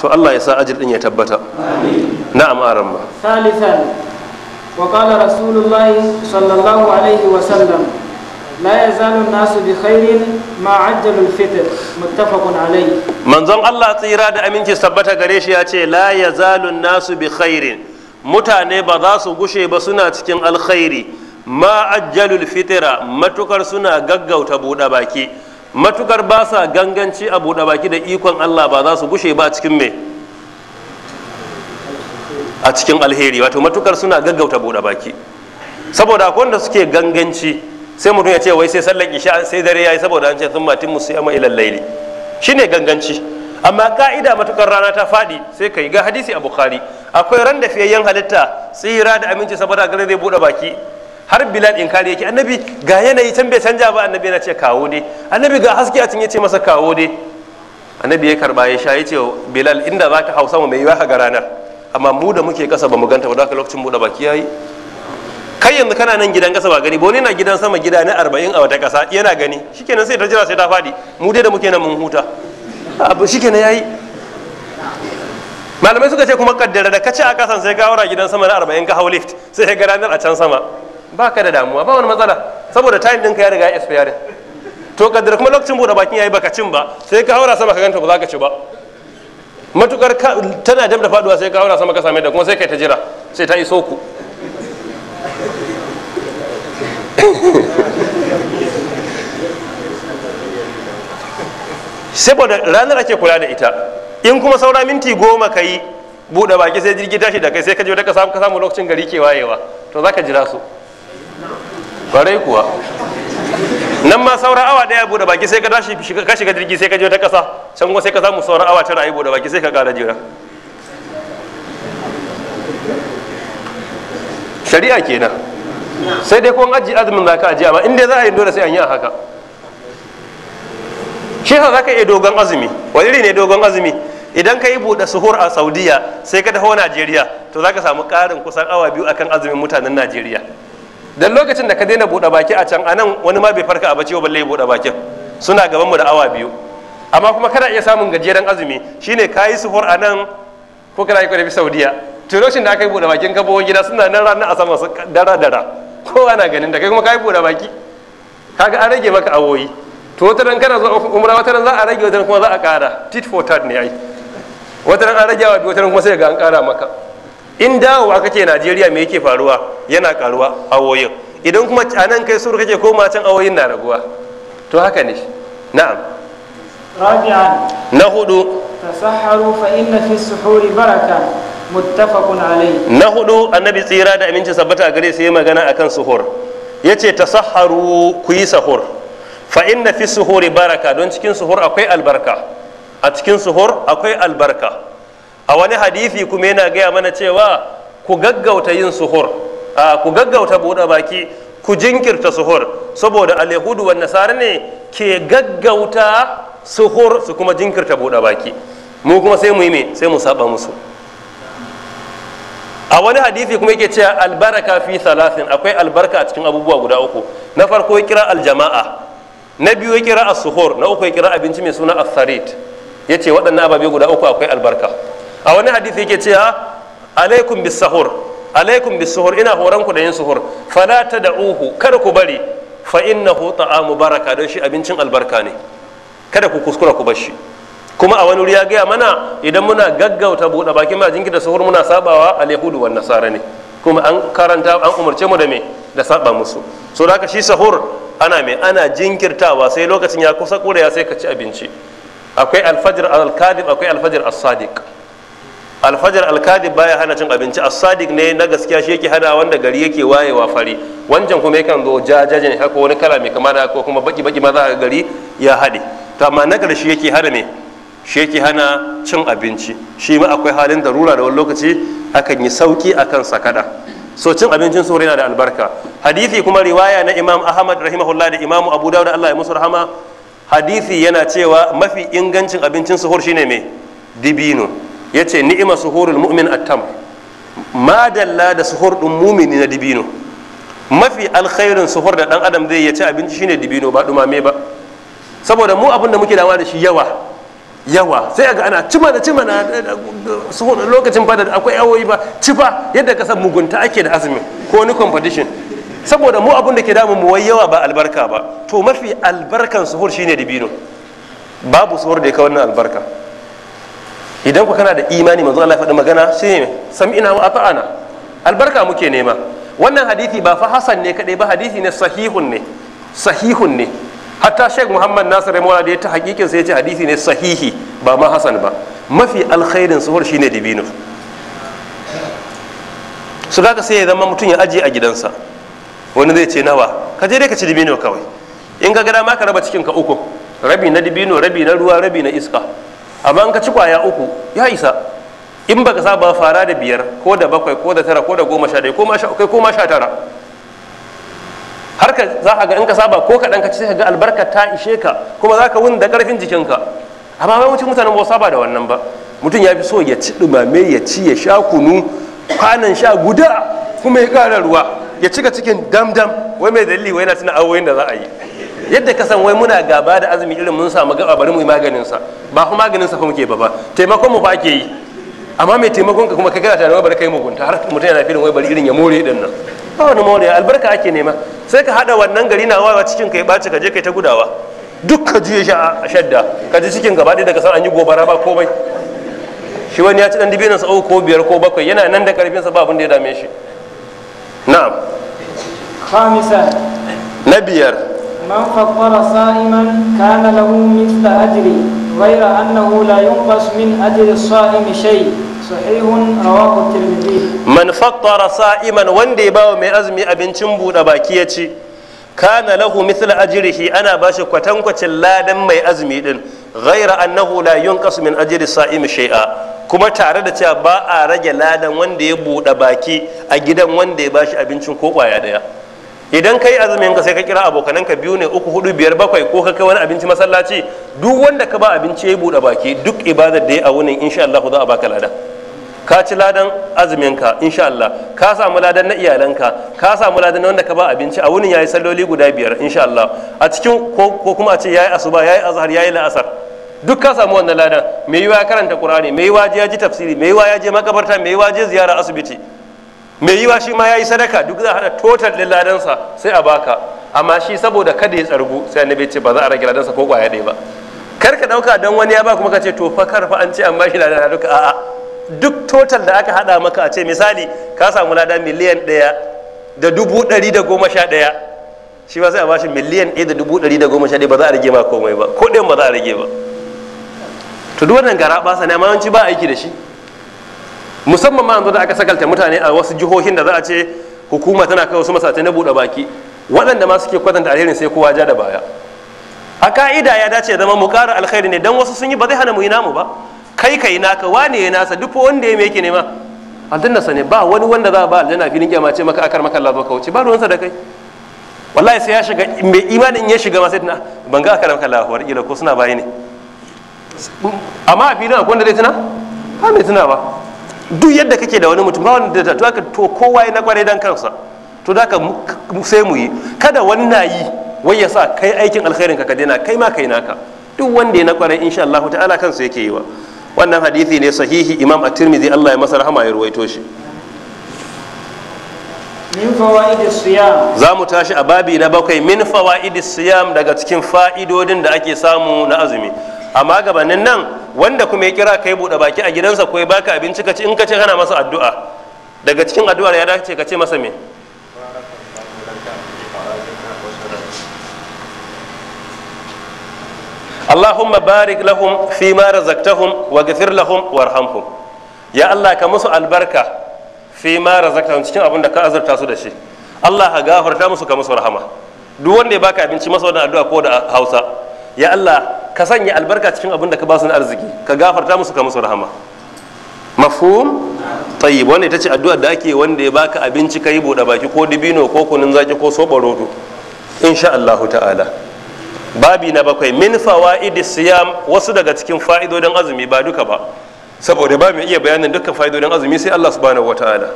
to Allah ya sa ajir din ya tabbata na'am aran ba thalithan wa qala sallallahu alaihi wa sallam bi manzon Allah tsira da aminci sabbata gare shi ya ce la zalun nasu bi khairin mutane ba za su gushe ba suna cikin alkhairi ma ajjalul fitira matukar suna gaggauta buɗe baki matukar ba sa ganganci a buɗe baki da ikon Allah ba za su gushe ba cikin me a cikin alheri wato matukar suna gaggauta buɗe baki saboda akwai wanda suke ganganci sai mutum ya ce wai sai sallan isha sai dare yayi saboda an ce sun matin musu ma ilal laili shine ganganci amma ka'ida matukar rana ta fadi sai kai ga hadisi a bukhari akwai ran da fiyayyen halitta tsira da aminci saboda gare zai bude baki har bilal in kare yake annabi ga yanayi can bai canja ba annabi yana ce kawo ne annabi ga haske a cin yace masa kawo ne annabi ya karba ya sha yace bilal inda zaka hausa mu mai yiwa ga ranar amma mu da muke kasa ba mu ganta ba da lokacin bude baki yayi kai yanzu kana nan gidan kasa ba gani ba na gidan sama gida na arba'in a wata kasa yana gani shikenan sai ta jira sai ta faɗi mu dai da muke nan mun huta abu shikenan yayi malamai suka ce kuma kaddara da kace a kasan sai ka haura gidan sama na arba'in ka hau lift sai ka ga ranar a can sama baka da damuwa ba wani matsala saboda time ka ya riga ya expire to kaddara kuma lokacin bude bakin yayi baka cin ba sai ka haura sama ka ganta ba za ka ci ba matukar tana jam da faduwa sai ka haura sama ka same da kuma sai kai ta jira sai ta iso ku saboda ranar ake kula da ita in kuma saura minti goma ka yi buɗe baki sai jirgi tashi da kai sai ka je ka ka samu lokacin gari ke wayewa to za ka jira su ƙwarai kuwa nan ma saura awa daya buɗe baki sai ka tashi ka shiga jirgi sai ka je ta ƙasa can kuma sai ka samu saura awa tara yi buɗe baki sai ka ƙara jira shari'a kenan sai dai ko an ajiye azumin za ka ajiye amma inda za a yi dole sai an yi a haka shi yasa za ka iya dogon azumi wani iri ne dogon azumi idan ka yi buɗe suhur a saudiya sai ka taho najeriya to za ka samu ƙarin kusan awa biyu akan azumin mutanen najeriya dan lokacin da ka daina buɗe baki a can anan wani ma bai farka a bace ba balle buɗe bakin suna gabanmu da awa biyu amma kuma kana iya samun gajeren azumi shine ka yi suhur a nan ko kana yi saudiya to da aka yi buɗe bakin ka gida suna nan ranar a sama dara dara kowa na ganin da kai kuma kai bude baki kaga an rage maka awoyi to wata ran kana zuwa umra wata ran za a rage wata kuma za a kara tit for tat ne ai wata ran an rage wa wata ran kuma sai ga an kara maka in dawo aka ce Najeriya me yake faruwa yana karuwa awoyin idan kuma a nan kai suru kake koma can awoyin na raguwa to haka ne na'am rabi'an na hudu tasaharu fa inna fi suhuri baraka muttafaqun alayhi na hudu annabi tsira da aminci sabbata gare sai magana akan suhur yace tasahharu ku yi suhur fa inna fi suhuri baraka don cikin suhur akwai albarka a cikin suhur akwai albarka a wani hadisi kuma yana gaya mana cewa ku gaggauta yin suhur ku gaggauta buɗe baki ku jinkirta suhur saboda alyahudu wa nasara ne ke gaggauta suhur su kuma jinkirta buɗe baki mu kuma sai mu yi me sai mu saba musu a wani hadisi kuma yake cewa albaraka fi salasin akwai albarka a cikin abubuwa guda uku na farko ya kira aljama'a na biyu ya kira as-suhur na uku ya kira abinci mai suna as-sarit yace waɗannan ababe guda uku akwai albarka a wani hadisi yake cewa alaikum bis sahur alaikum bis suhur ina horan ku da yin suhur fala tad'uhu kar ku bari fa innahu ta'amu baraka don shi abincin albarka ne kada ku kuskura ku bar shi kuma a wani wuri ya gaya mana idan muna gaggauta buɗe bakin ma da sahur muna sabawa al wan nasara ne kuma an karanta an umarce mu da me da saba musu so da shi sahur ana me ana jinkirtawa sai lokacin ya kusa ya sai ka ci abinci akwai alfajir al akwai alfajir as-sadiq alfajir al baya hana cin abinci as-sadiq ne na gaskiya shi yake hada wanda gari yake wayewa fari wancan kuma yakan zo jajaje ne haka wani kala mai kama da ko kuma baki baki ma za gari ya hade to amma na karshe yake hada ne shi hana cin abinci shi ma akwai halin da rura da wani lokaci akan yi sauki akan sakada so cin abincin sahur yana da albarka hadisi kuma riwaya na imam ahmad rahimahullah da imam abu dawud allah ya musu rahama hadisi yana cewa mafi ingancin abincin suhur shine mai dibino yace ce ni'ima suhurul mu'min attam madalla da suhur ɗin mumini na dibino mafi alkhairin suhur da dan adam zai ya ci abinci shine dibino ba dumame ba saboda mu abin da muke dawa da shi yawa yawa sai ga ana cima da cima na lokacin ba da akwai awoyi ba ci ba yadda ka san mugunta ake da azumin ko wani competition saboda mu abun da ke damu mu wai yawa ba albarka ba to mafi albarkan suhur shine dibino babu suhur da ya kawo wannan albarka idan ku kana da imani manzo Allah faɗi magana shine sam'ina wa ata'ana albarka muke nema wannan hadisi ba fa hasan ne kadai ba hadisi ne sahihun ne sahihun ne hatta sheikh muhammad nasir ya da ya ta hakikin sai ya ce hadisi ne sahihi ba ma Hassan ba mafi alkhairin suhur shine dibino su daga sai ya zama mutum ya ajiye a gidansa wani zai ce nawa ka je dai ka ci dibino kawai in ka gada ma ka raba cikin ka uku rabi na dibino rabi na ruwa rabi na iska amma in ka ci kwaya uku ya isa in baka saba fara da biyar ko da bakwai ko da tara ko da goma sha kai ko ma sha tara har ka za ka ga in ka saba ko kaɗan ka ci ka ga albarka ta ishe ka kuma za ka wunda da ƙarfin jikinka amma yawancin mutanen ba saba da wannan ba mutum ya fi so ya ci ɗumame ya ci ya sha kunu kwanan sha guda kuma ya ƙara ruwa ya cika cikin damdam wai mai dalili wai na tuna awoyin da za a yi yadda ka san wai muna gaba da azumi irin mun samu gaba bari mu yi maganin sa ba kuma maganin sa fa muke ba ba taimakon mu fa ake yi amma mai taimakon ka kuma ka kana ta wai bari kai mugunta har mutum yana filin wai bari irin ya more din nan ba wani moriya albarka ake nema sai ka hada wannan gari na wawa cikin ka ya ɓace ka je ka ta gudawa duk ka juye shi a shadda ka ji cikin gaba daga san an yi gobara ba komai shi wani ya ci dan dibinan sa'o ko biyar ko bakwai yana nan da karfin sa ba abin da ya dame shi na'am khamisa na biyar man faqara sa'iman kana lahu mithla ajri ghayra annahu la yunqas min ajri as-sa'imi shay' man fattara sa'iman wanda ya bawa mai azumi abincin buɗe baki ya ci kana lahu mithla ajrihi ana bashi kwatankwacin ladan mai azumi din ghaira annahu la yunqas min ajri sa'im shay'a kuma tare da cewa ba a rage ladan wanda ya buɗe baki a gidan wanda ya bashi abincin ko kwaya daya idan kai azumin ka sai ka kira abokanan ka biyu ne uku hudu biyar bakwai ko ka kai wani abinci masallaci duk wanda ka ba abinci ya buɗe baki duk ibadar da ya a wunin insha Allah za a baka ladan ka ci ladan azuminka insha Allah ka samu ladan na iyalanka ka samu ladan wanda ka ba abinci a wunin yayi salloli guda biyar insha Allah a cikin ko kuma a ce yayi asuba yayi azhar yayi la'asar duk ka samu wannan ladan me yiwa ya karanta qur'ani me yiwa ya ji tafsiri me yiwa ya je makabarta me yiwa je ziyara asibiti me yiwa shi ma yayi sadaka duk za a hada total din sa sai a baka amma shi saboda kada ya tsargu sai annabi ce ba za a rage ladan sa ko kwaya ɗaya ba kar ka dauka dan wani ya ba kuma ka ce to fa karfa an ce an bashi ladan duka a'a duk total da aka hada maka a ce misali ka samu lada miliyan ɗaya da dubu ɗari da goma sha ɗaya shi ba sai a bashi miliyan ɗaya da dubu ɗari da goma sha ɗaya ba za a rage ma komai ba ko ɗayan ba za a rage ba to duk wannan gara ba sani amma ba aiki da shi musamman ma yanzu da aka sakalta mutane a wasu jihohin da za a ce hukuma tana kai wasu masatai na buɗe baki waɗanda ma suke kwatanta alherin sai kowa ja da baya a ka'ida ya dace zama mu ƙara alkhairi ne dan wasu sun yi ba zai hana mu yi namu ba kai kai naka wane ya nasa duk wanda ya meke nema aljanna sa ne ba wani wanda za a ba aljanna filin kiyama ce maka akar maka Allah zo ka wuce ba ruwansa da kai wallahi sai ya shiga mai imanin ya shiga ma sai tana ban ga akar maka Allah war kila ko suna bayi ne amma a filin akwai wanda zai tuna ba mai tuna ba duk yadda kake da wani mutum ba wani da ta to kowa ya na kwarai dan kansa to da ka sai mu yi kada wani na yi wai ya sa kai aikin alkhairin ka ka daina kai ma kai naka duk wanda ya na kwarai insha Allah ta'ala kansa yake yi wa wannan hadithi ne sahihi imam at-tirmidhi Allah ya masa rahama ya ruwaito shi za mu tashi a babi na bakwai min fawa'idi siyam daga cikin fa'idodin da ake samu na azumi amma gabanin nan wanda kuma ya kira kai buɗe baki a gidansa ko ya baka abinci ka ci in ka kana masa addu'a daga cikin addu'ar ya dace ka ce masa me Allahumma barik lahum fi ma razaqtahum wa ghfir lahum warhamhum ya Allah ka musu albarka fi ma razaqtahum cikin abin da ka azurta su da shi Allah ka gafarta musu ka musu rahama duk wanda ya baka abinci masa wannan addu'a ko da Hausa ya Allah ka sanya albarka cikin abin da ka ba su na arziki ka gafarta musu ka musu rahama mafhum tayyib wanda ita ce addu'a da ake wanda ya baka abinci kai buɗe baki ko dibino ko kunun zaki ko soɓo rodo insha Allah ta'ala babi na bakwai min fawaidi siyam wasu daga cikin fa'idodin azumi ba duka ba saboda ba mu iya bayanin dukkan fa'idodin azumi sai Allah subhanahu wataala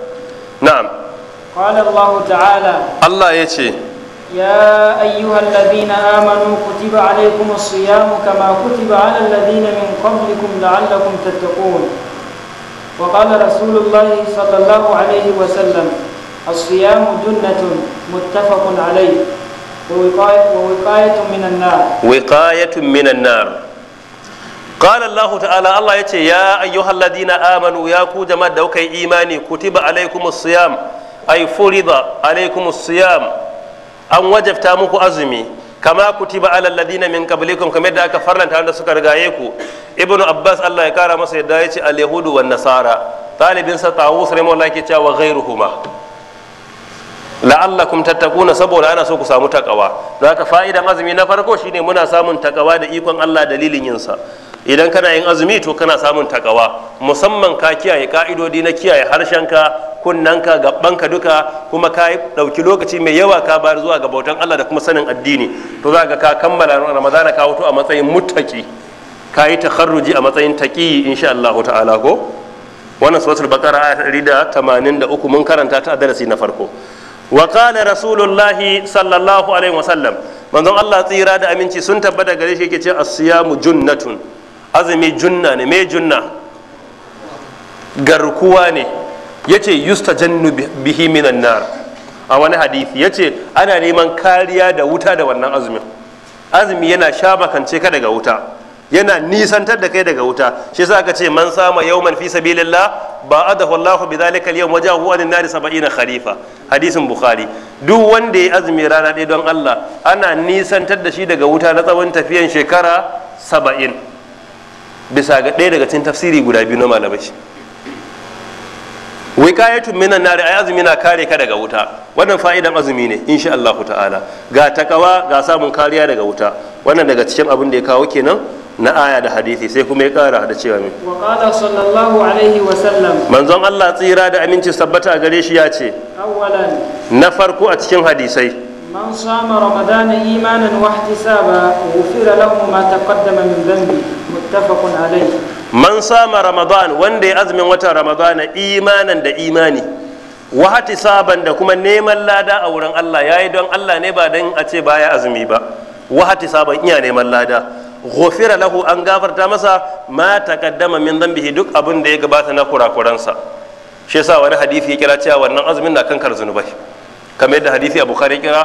na'am qala Allah ta'ala Allah ya ce. ya ayyuhal ladina amanu kutiba alaykumus siyam kama kutiba alal ladina min qablikum la'allakum tattaqun wa qala rasulullah sallallahu alayhi wa sallam as-siyamu junnatun muttafaqun alayhi wiqayatun minan nar qala allah ta'ala allah yace ya ayyuhalladhina amanu ya ku da kuka yi imani kutiba alaikumus an wajabta muku azumi kama kutiba min qablikum kamar da aka farlanta wanda suka rigaye ibnu abbas allah ya kara masa yadda yace al yahudu la'allakum tattakuna saboda ana so ku samu takawa don haka fa'idan azumi na farko shine muna samun takawa da ikon Allah dalilin yin sa idan kana yin azumi to kana samun takawa musamman ka kiyaye ka'idodi na kiyaye harshenka kunnanka gabanka duka kuma ka dauki lokaci mai yawa ka bayar zuwa ga bautan Allah da kuma sanin addini to za ka ka kammala ramadana ka wuto a matsayin muttaki ka yi takharruji a matsayin taqi insha Allah ta'ala ko wannan suratul baqara ayat 183 mun karanta ta a darasi na farko wa qala rasulullahi sallallahu alaihi wasallam manzon Allah tsira da aminci sun tabbata gare shi yake ce as-siyamu junnatun azumi junna ne me junna garkuwa ne yace yustajannu bihi minan nar a wani hadisi yace ana neman kariya da wuta da wannan azumi azumi yana shabakance ka daga wuta yana nisantar da kai daga wuta shi yasa aka ce man sama yawman fi sabilillah ba adahu Allahu bi zalika al-yawm wajahu an nar 70 khalifa. hadisin bukhari duk wanda ya azumi rana ɗaya don Allah ana nisantar da shi daga wuta na tsawon tafiyan shekara 70 bisa ga ɗaya daga cikin tafsiri guda biyu na malamai wikayatun minan nari ai azumi na kare ka daga wuta wannan fa'idan azumi ne insha Allahu ta'ala ga takawa ga samun kariya daga wuta wannan daga cikin abin da ya kawo kenan na aya da hadisi sai kuma ya kara da cewa min wa qala sallallahu alaihi wa sallam manzon Allah tsira da aminci sabbata gare shi ya ce awwalan na farko a cikin hadisai man sama ramadana imanan wa ihtisaba ghufira lahu ma taqaddama min dhanbi muttafaqun alaihi man sama ramadan wanda ya azumin wata ramadana imanan da imani wa ihtisaban da kuma neman lada a wurin Allah yayi don Allah ne ba dan a ce baya azumi ba wa ihtisaban iya neman lada ghufira lahu an gafarta masa ma taqaddama min dhanbihi duk abin da ya gabata na kurakuransa shi yasa wani hadisi ya kira cewa wannan azumin na kankar zunubai kamar yadda hadisi a bukhari kira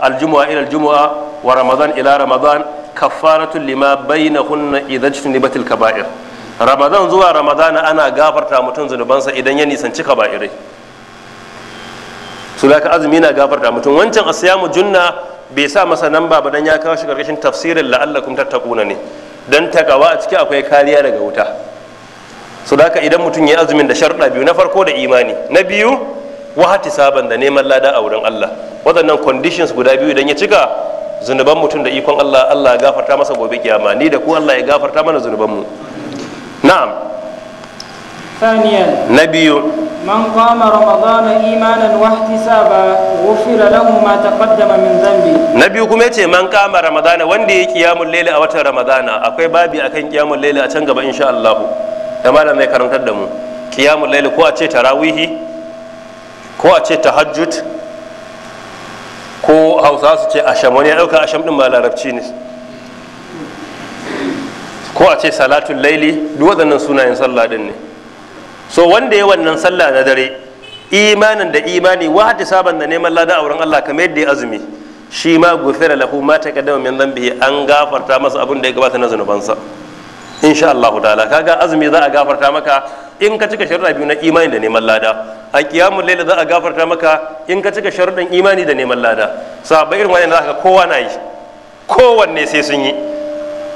aljumu'a ila aljumu'a wa ramadan ila ramadan kaffaratun lima bainahunna idza jtunibatil kaba'ir ramadan zuwa ramadana ana gafarta mutum zunubansa idan ya nisanci kaba'irai su da azumi na gafarta mutum wancan mu junna bai sa masa nan ba dan ya kawo shi karkashin tafsirin la'allakum taƙuna ne dan takawa a ciki akwai kariya daga wuta su da idan mutum ya azumin da sharuɗa biyu na farko da imani na biyu wahati saban da neman lada a wurin Allah waɗannan conditions guda biyu idan ya cika zunuban mutum da ikon Allah Allah ya gafarta masa gobe kiyama ni da ku Allah ya gafarta mana zunubanmu na'am ثانيا نبي من قام رمضان إيمانا واحتسابا غفر له ما تقدم من ذنبه نبي كما يتي من قام رمضان وندي قيام الليل أو رمضان أكوي بابي أكن قيام الليل أتنقب إن شاء الله كما لم يكرم تدمو قيام الليل كو أتي تراويه كو أتي تهجد ko hausa su ce asham wani ya ɗauka asham ɗin ma larabci ne ko a ce salatun laili duk waɗannan sunayen sallah ɗin ne so wanda ya wannan sallah na dare imanin da imani wa hati saban da neman lada a wurin Allah kamar yadda ya azumi shi ma gufira lahu ma ta kaddama min dhanbihi an gafarta masa abin da ya gabata na zunubansa insha Allah ta'ala kaga azumi za a gafarta maka in ka cika sharuɗa biyu na imani da neman lada a kiyamul laila za a gafarta maka in ka cika sharuɗan imani da neman lada sabai irin wannan zaka kowa na yi kowanne sai sun yi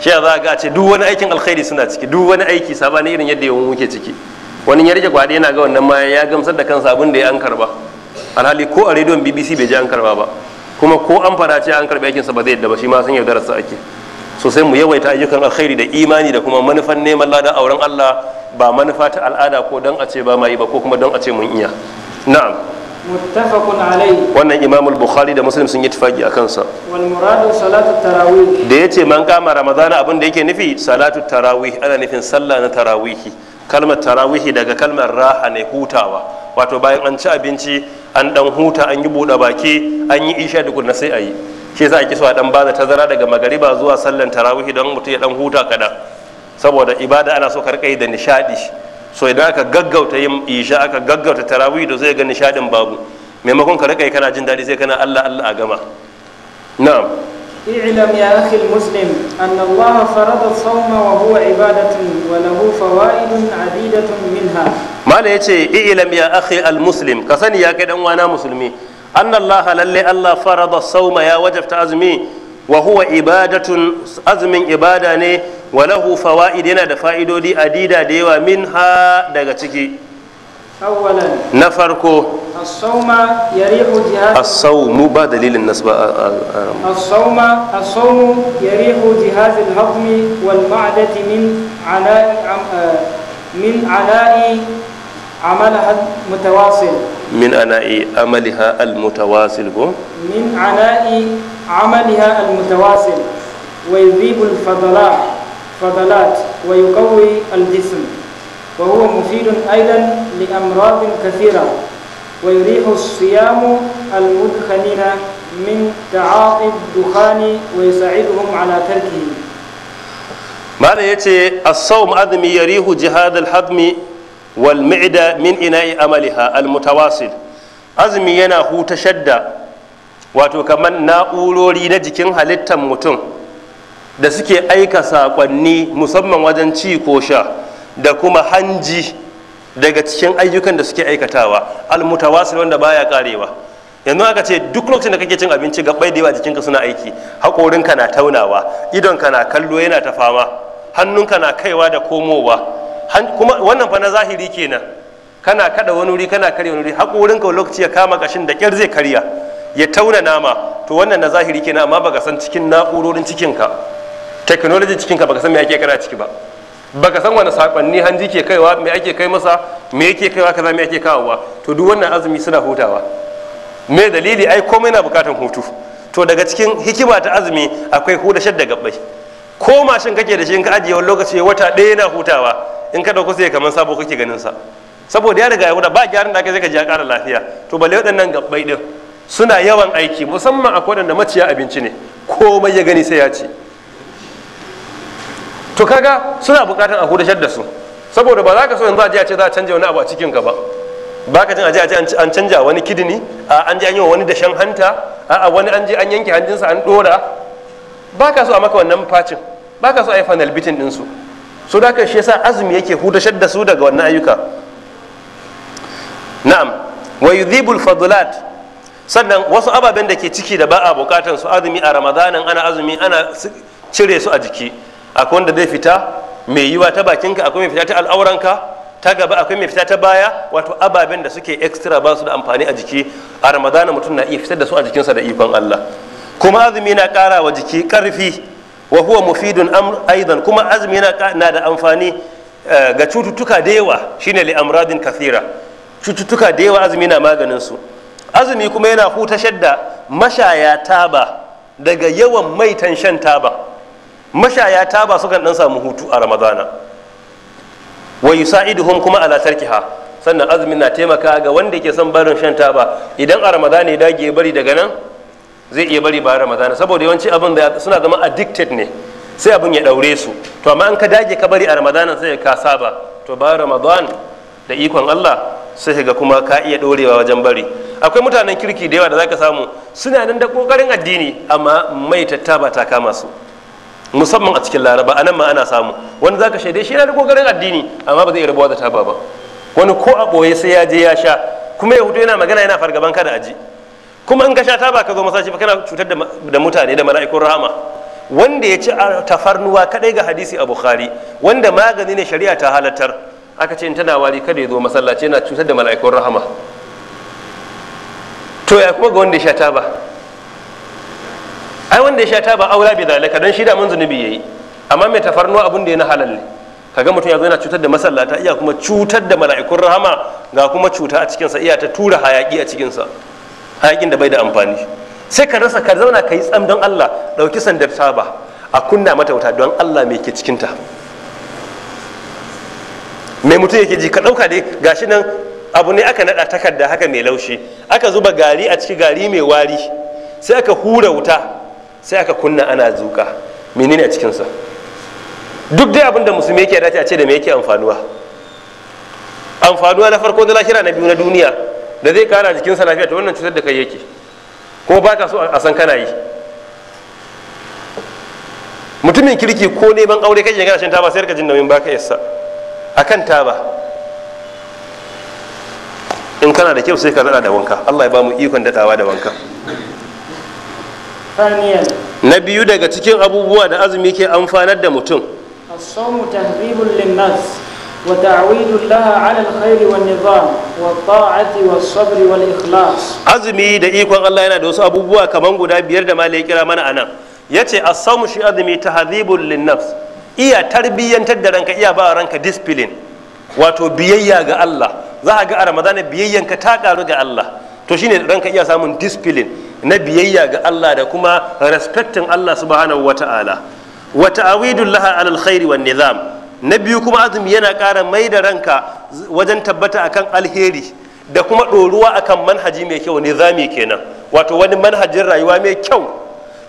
shi za ga ce duk wani aikin alkhairi suna ciki duk wani aiki sabani irin yadda yawan muke ciki wani ya rike kwaɗe yana ga wannan ma ya gamsar da kansa abin da ya an karba alhali ko a rediyon bbc bai ji an karba ba kuma ko an fara ce an karbi aikinsa ba zai yadda ba shi ma sun su ake so sai mu yawaita ayyukan alkhairi da imani da kuma manufan neman ladan auren allah ba manufa ta al'ada ko don a ce ba ma yi ba ko kuma don a ce mun iya na'am muttafaqun alayhi wannan imamul bukhari da muslim sun yi tafaki a kansa wal muradu salatu tarawih da yace man kama ramadana abin da yake nufi salatu tarawih ana nufin sallah na tarawihi kalmar tarawihi daga kalmar raha ne hutawa wato bayan an ci abinci an dan huta an yi buɗe baki an yi isha kunna sai ayi yi shi yasa ake so a dan bada tazara daga magariba zuwa sallan tarawihi don mutum ya dan huta kaɗan saboda ibada ana so karkai da nishaɗi so idan aka gaggauta yin isha aka gaggauta tarawihi da zai ga nishaɗin babu maimakon ka rika kana jin daɗi sai kana allah allah a gama na'am اعلم يا أخي المسلم أن الله فرض الصوم وهو عبادة وله فوائد عديدة منها ما ليتي اعلم يا أخي المسلم كسني يا كدن وانا مسلمي أن الله للي الله فرض الصوم يا وجبت أزمي وهو عبادة أزم عبادة وله فوائد ينا دفائد دي أديدة ديوا منها دغتكي أولا نفركو الصوم يريح جهاد الصوم با دليل النسبة آه، آه، آه. الصوم الصوم يريح جهاز الهضم والمعدة من عناء من عناء عملها المتواصل من عناء عملها المتواصل من عناء عملها المتواصل ويذيب الفضلات فضلات ويقوي الجسم وهو مفيد أيضا لأمراض كثيرة ويريح الصيام المدخنين من تعاطي الدخان ويساعدهم على تركه ماذا يتي الصوم أذمي يريح جهاد الحضم والمعدة من إناء أملها المتواصل أذمي ينهو تشدى wato kamar na'urori na jikin halittar mutum da suke aika saƙonni musamman wajen ci ko sha da kuma hanji daga cikin ayyukan da suke aikatawa almutawasil wanda baya karewa yanzu aka ce duk lokacin da kake cin abinci gabbai da yawa jikinka suna aiki haƙorinka na taunawa idonka na kallo yana ta fama hannunka na kaiwa da komowa kuma wannan fa na zahiri kenan kana kada wani wuri kana karya wani wuri haƙorinka lokaci ya kama kashin da kyar zai karya ya tauna nama to wannan na zahiri kenan amma baka san cikin na'urorin cikinka technology cikinka baka san me ake kana ciki ba baka san wani sakonni hanji ke kaiwa me ake kai masa me yake kaiwa kaza me ake kawowa to duk wannan azumi suna hutawa me dalili ai komai na bukatan hutu to daga cikin hikima ta azumi akwai huda da gabbai ko mashin kake da shi in ka ajiye wani lokaci wata ɗaya yana hutawa in ka dauko sai kamar sabo kake ganin sa saboda ya riga ya huda ba gyaran da aka zai ka ji ya ƙara lafiya to balle waɗannan gabbai din suna yawan aiki musamman akwai waɗanda maciya abinci ne komai ya gani sai ya ci to kaga suna bukatar a hudashar da su saboda ba za ka so yanzu a a ce za a canja wani abu a cikin ka ba ba ka jin a an canja wani kidini a an je an yi wa wani dashen hanta a wani an je an yanke hanjinsa an dora ba ka so a maka wannan facin ba ka so a yi final bitin din su so da shi yasa azumi yake hudashar da su daga wannan ayyuka na'am wa yudhibul fadlat sannan wasu ababen da ke ciki da ba a bukatan su azumi a ramadanin ana azumi ana cire su a jiki akwai wanda zai fita mai yiwa ta bakinka akwai mai fita ta al'auranka ta gaba akwai mai fita ta baya wato ababen da suke extra ba su da amfani a jiki a ramadana mutum na iya fitar da su a jikinsa da ikon allah kuma azumi na kara wa jiki karfi wa huwa mufidun amr aidan kuma azumi na da amfani eh, ga cututtuka da yawa shine li amradin kathira cututtuka da yawa azumi na maganin su azumi kuma yana hutashar da mashaya taba daga yawan maitan shan taba mashaya ta ba sukan dan samu hutu a ramadana wa yusa'iduhum kuma ala tarkiha sannan azumin na taimaka ga wanda ke son barin shan taba idan a ramadana ya dage bari daga nan zai iya bari ba ramadana saboda yawanci abin da suna zama addicted ne sai abin ya daure su to amma an ka dage ka bari a ramadana sai ka saba to ba ramadan da ikon Allah sai ga kuma ka iya dorewa wajen bari akwai mutanen kirki da yawa da zaka samu suna nan da kokarin addini amma mai tattaba ta kama su musamman a cikin laraba a nan ma ana samu wani zaka shaidai shi yana da kokarin addini amma ba zai iya rabuwa da taba ba wani ko a boye sai ya je ya sha kuma ya hutu yana magana yana fargaban da aji kuma in ka sha ba ka zo masashi ba kana cutar da mutane da mala'ikun rahama wanda ya ci a tafarnuwa kaɗai ga hadisi a bukhari wanda magani ne shari'a ta halattar aka ce in tana wari kada ya zo masallaci yana cutar da mala'ikun rahama to ya kuma ga wanda ya sha taba ai wanda ya sha taba aula bi zalika don shi da mun zunubi yayi amma mai tafarnuwa abun da ya na halal ne kaga mutum ya zo yana cutar da masallata iya kuma cutar da mala'ikun rahama ga kuma cuta a cikinsa iya ta tura hayaki a cikinsa hayakin da bai da amfani sai ka rasa ka zauna ka yi tsam don Allah ɗauki sandar taba a kunna mata wuta don Allah mai ke cikinta mai mutum yake ji ka ɗauka dai gashi nan abu ne aka naɗa takarda haka mai laushi aka zuba gari a ciki gari mai wari sai aka hura wuta sai aka kunna ana zuka menene a cikinsa duk dai abinda musulmi yake dace a ce da me yake amfanuwa amfanuwa na farko da lahira na biyu na duniya da zai kara jikinsa lafiya to wannan cutar da kai yake ko ba ka so a san kana yi mutumin kirki ko neman aure kake gana shan taba sai ka jin nauyin baka yassa akan taba in kana da kyau sai ka zada da wanka Allah ya ba mu ikon tawa da wanka na biyu daga cikin abubuwa da azumi ke amfanar da mutum azumi da ikon Allah yana da wasu abubuwa kamar guda biyar da malai kira mana anan ce a samu shi azumi ta hazibun nafs iya tarbiyyantar da ranka iya ba ranka discipline wato biyayya ga Allah za a ga a Ramadana biyayyanka ta karu ga Allah to shine ranka iya samun discipline na biyayya ga Allah da kuma respectin Allah subhanahu ta'ala wa ta'awidul laha alal khairi wan nizam na biyu kuma azumi yana ƙara mai da ranka wajen tabbata akan alheri da kuma ɗoruwa akan manhaji mai kyau nizami kenan wato wani manhajin rayuwa mai kyau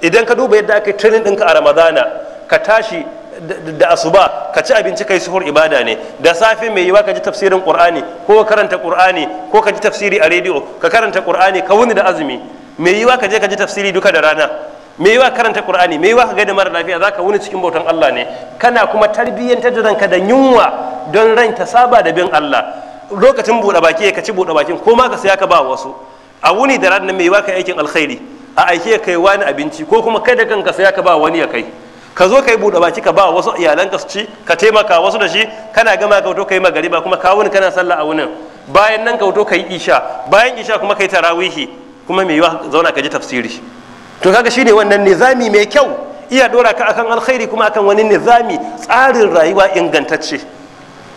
idan ka duba yadda aka training ɗinka a ramadana ka tashi da asuba ka ci abinci kai suhur ibada ne da safe mai yiwa ka ji tafsirin qur'ani ko karanta qur'ani ko ka ji tafsiri a rediyo ka karanta qur'ani ka wuni da azumi Mai yiwa ka je ka ji tafsiri duka da rana yi yiwa karanta qur'ani yi yiwa ka gaida mara lafiya zaka wuni cikin bautan Allah ne kana kuma tarbiyyantar da ranka da yunwa don ran ta saba da bin Allah lokacin buɗe baki ka ci buɗe bakin ko ma ka saya ka ba wasu a wuni da ranar mai yiwa ka aikin alkhairi a aike kai wani abinci ko kuma kai da kanka saya ka ba wani ya kai ka zo ka yi buɗe baki ka ba wasu iyalanka su ci ka taimaka wasu da shi kana gama ka yi magariba kuma ka wuni kana sallah a wunin bayan nan ka wuto yi isha bayan isha kuma yi tarawihi kuma mai yiwa zauna ka ji tafsiri to kaga shine wannan nizami mai kyau iya dora ka akan alkhairi kuma akan wani nizami tsarin rayuwa ingantacce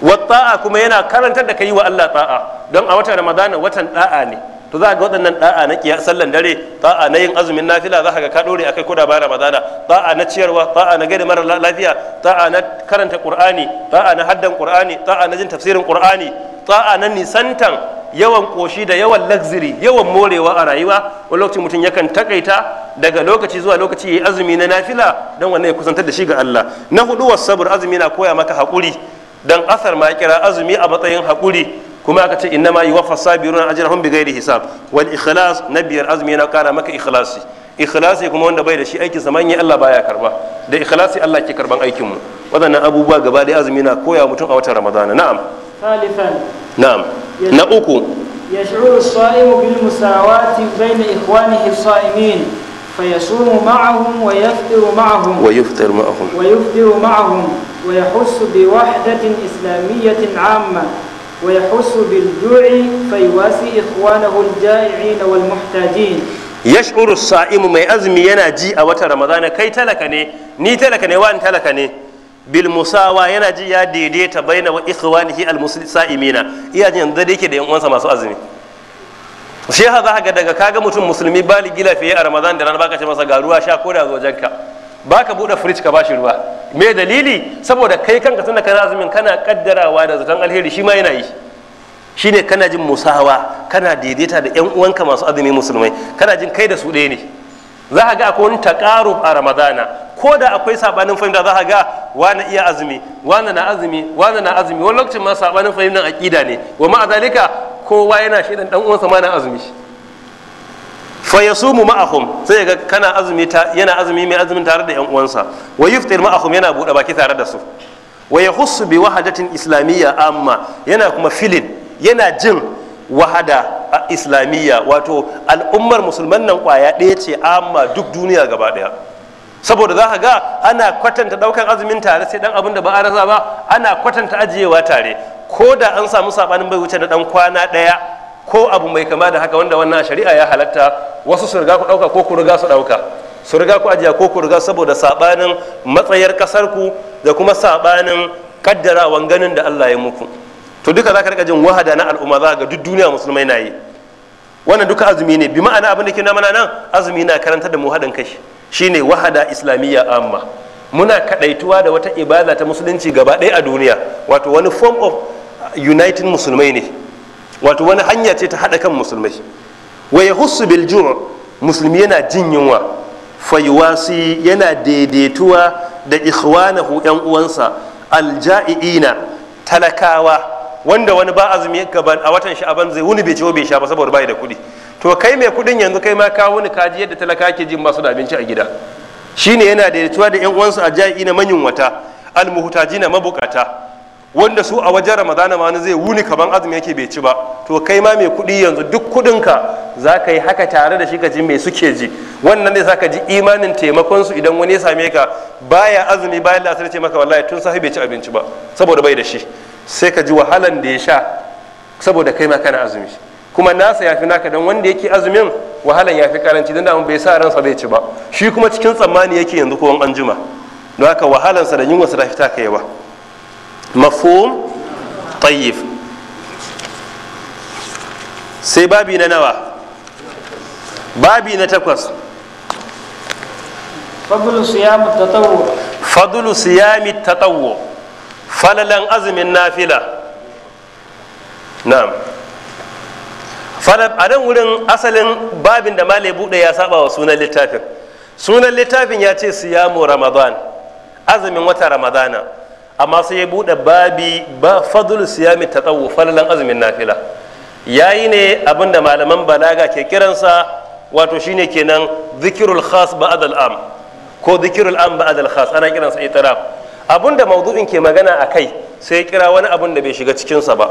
Wa ta'a kuma yana karantar da kai wa Allah ta'a don a watan ramadana watan da'a ne to za ga waɗannan da'a na kiyar sallan dare da'a na yin azumin nafila za ga ka dore akai koda bayan ramadana da'a na ciyarwa da'a na gari mara lafiya da'a na karanta qur'ani da'a na haddan qur'ani da'a na jin tafsirin qur'ani istita'a na nisantan yawan koshi da yawan luxury yawan morewa a rayuwa wani lokaci mutum yakan takaita daga lokaci zuwa lokaci yi azumi na nafila don wannan ya kusantar da shi ga Allah na hudu was sabr azumi na koya maka hakuri don asar ma kira azumi a matsayin hakuri kuma aka ce inna ma yuwaffa sabiruna ajrahum bighairi hisab wal ikhlas biyar azumi na kara maka ikhlasi ikhlasi kuma wanda bai da shi aikin sa manyan Allah baya karba da ikhlasi Allah ke karban aikin mu wadannan abubuwa gaba da azumi na koya mutum a watan Ramadana na'am ثالثا نعم نأكو يشعر الصائم بالمساواة بين إخوانه الصائمين فيصوم معهم ويفطر معهم ويفطر معهم ويفطر معهم ويحس بوحدة إسلامية عامة ويحس بالجوع فيواسي إخوانه الجائعين والمحتاجين يشعر الصائم ما أزمي جي أوتر رمضان كي تلكني ني تلكني وأن تلكني Bilmusawa yana ji ya daidaita baina wa ikhwanihi al muslimina iya jin yanzu da yake da yan uwansa masu azumi shi ha za ga daga kaga mutum musulmi gila fiye a ramadan da rana baka ce masa ga ruwa sha ko da ka baka buɗe fridge ka bashi ruwa me dalili saboda kai kanka tunda kana azumin kana kaddarawa da zaton alheri shi ma yana yi shine kana jin musawa kana daidaita da yan uwanka masu azumi musulmai kana jin kai da su ɗaya ne za ka ga akwai wani taƙarub a ramadana ko da akwai sabanin fahimta za ka ga wani iya azumi wani na azumi wani na azumi wani lokacin ma saɓanin fahimta a aƙida ne wa ma'a zalika kowa yana shaidan ɗan uwansa ma na azumi fa yasumu ma'ahum sai ga kana azumi ta yana azumi mai azumin tare da yan uwansa wa yuftir ma'ahum yana buɗe baki tare da su wa yahussu bi wahadatin islamiyya amma yana kuma filin yana jin wahada a islamiyya wato al'ummar musulman nan kwaya ɗaya ce amma duk duniya gaba ɗaya saboda za ka ga ana kwatanta ɗaukar azumin tare sai ɗan abin da ba a rasa ba ana kwatanta ajiyewa tare ko da an samu saɓanin bai wuce na ɗan kwana ɗaya ko abu mai kama da haka wanda wannan shari'a ya halatta wasu su riga ku ɗauka ko ku riga su ɗauka su riga ku ajiya ko ku riga saboda saɓanin matsayar ku da kuma saɓanin kaddarawan ganin da Allah ya muku to duka za ka rika jin wahada na al'umma za ga duk duniya musulmai na yi wannan duka azumi ne bi ma'ana abin da ke na nan azumi na karanta da mu haɗin kai shine wahada islamiyya amma muna kadaituwa da wata ibada ta musulunci gaba ɗaya a duniya wato wani form of united musulmai ne wato wani hanya ce ta haɗa kan musulmai wa yahussu bil musulmi yana jin yunwa fayuwasi yana daidaituwa da ikhwanahu yan uwansa aljai'ina talakawa wanda wani ba azumi a watan sha'aban zai wuni bai ciwo bai sha ba saboda bai da kuɗi to kai mai kuɗin yanzu kai ma ka wuni kaji yadda talaka ke jin su da abinci a gida Shi ne yana da yatuwa da yan uwansu a jai'i na almuhutaji na mabukata wanda su a wajen ramadana ma zai wuni kaban azumi yake bai ci ba to kai ma mai kuɗi yanzu duk kuɗinka za ka yi haka tare da shi ka ji mai suke ji wannan ne za ka ji imanin taimakon su idan wani ya same ka baya azumi bayan lasar ce maka wallahi tun sahi bai ci abinci ba saboda bai da shi sai ka ji wahalan da ya sha saboda kai ma kana azumi kuma nasa ya fi naka don wanda yake azumin wahalan ya fi karanci don damu bai sa ransa zai ci ba shi kuma cikin tsammani yake yanzu kowan an jima don haka sa da yunwarsa ta rafi taka yawa mafhum tayyib sai babi na nawa babi na takwas fadlu siyami tatawwu fadlu tatawwu falalan azumin nafila na'am a nan wurin asalin babin da malai buɗe ya saba wa sunan littafin sunan littafin ya ce siyamu ramadan azumin wata ramadana amma sai ya buɗe babi ba fadul siyami ta tsawo falalan azumin nafila ya yi ne abinda malaman balaga ke kiransa wato shine kenan zikirul khas ba'ad am ko zikirul am ba'adal khas ana kiransa itiraf abun da maudu'in ke magana a kai sai kira wani abun da bai shiga cikinsa ba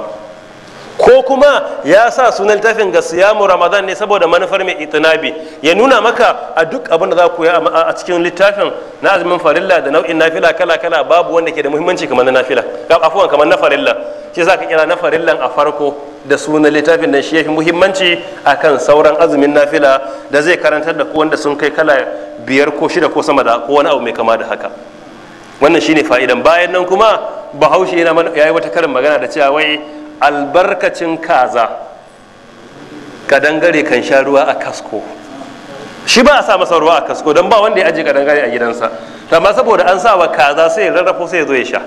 ko kuma ya sa sunan littafin ga siyamu ramadan ne saboda manufar mai itinabi ya nuna maka a duk abin da za ku yi a cikin littafin na azumin farilla da nau'in nafila kala kala babu wanda ke da muhimmanci kamar na nafila afuwan kamar na farilla shi za ka kira na farillan a farko da sunan littafin da shi ya fi muhimmanci a kan sauran azumin nafila da zai karantar da ku wanda sun kai kala biyar ko shida ko sama da ko wani abu mai kama da haka wannan shine fa'idan bayan nan kuma bahaushe yana yayi wata karin magana da cewa wai albarkacin kaza kadangare kan sha ruwa a kasko shi ba a sa masa ruwa a kasko don ba wanda ya aje kadangare a gidansa amma saboda an sa wa kaza sai ya rarrafo sai ya zo ya sha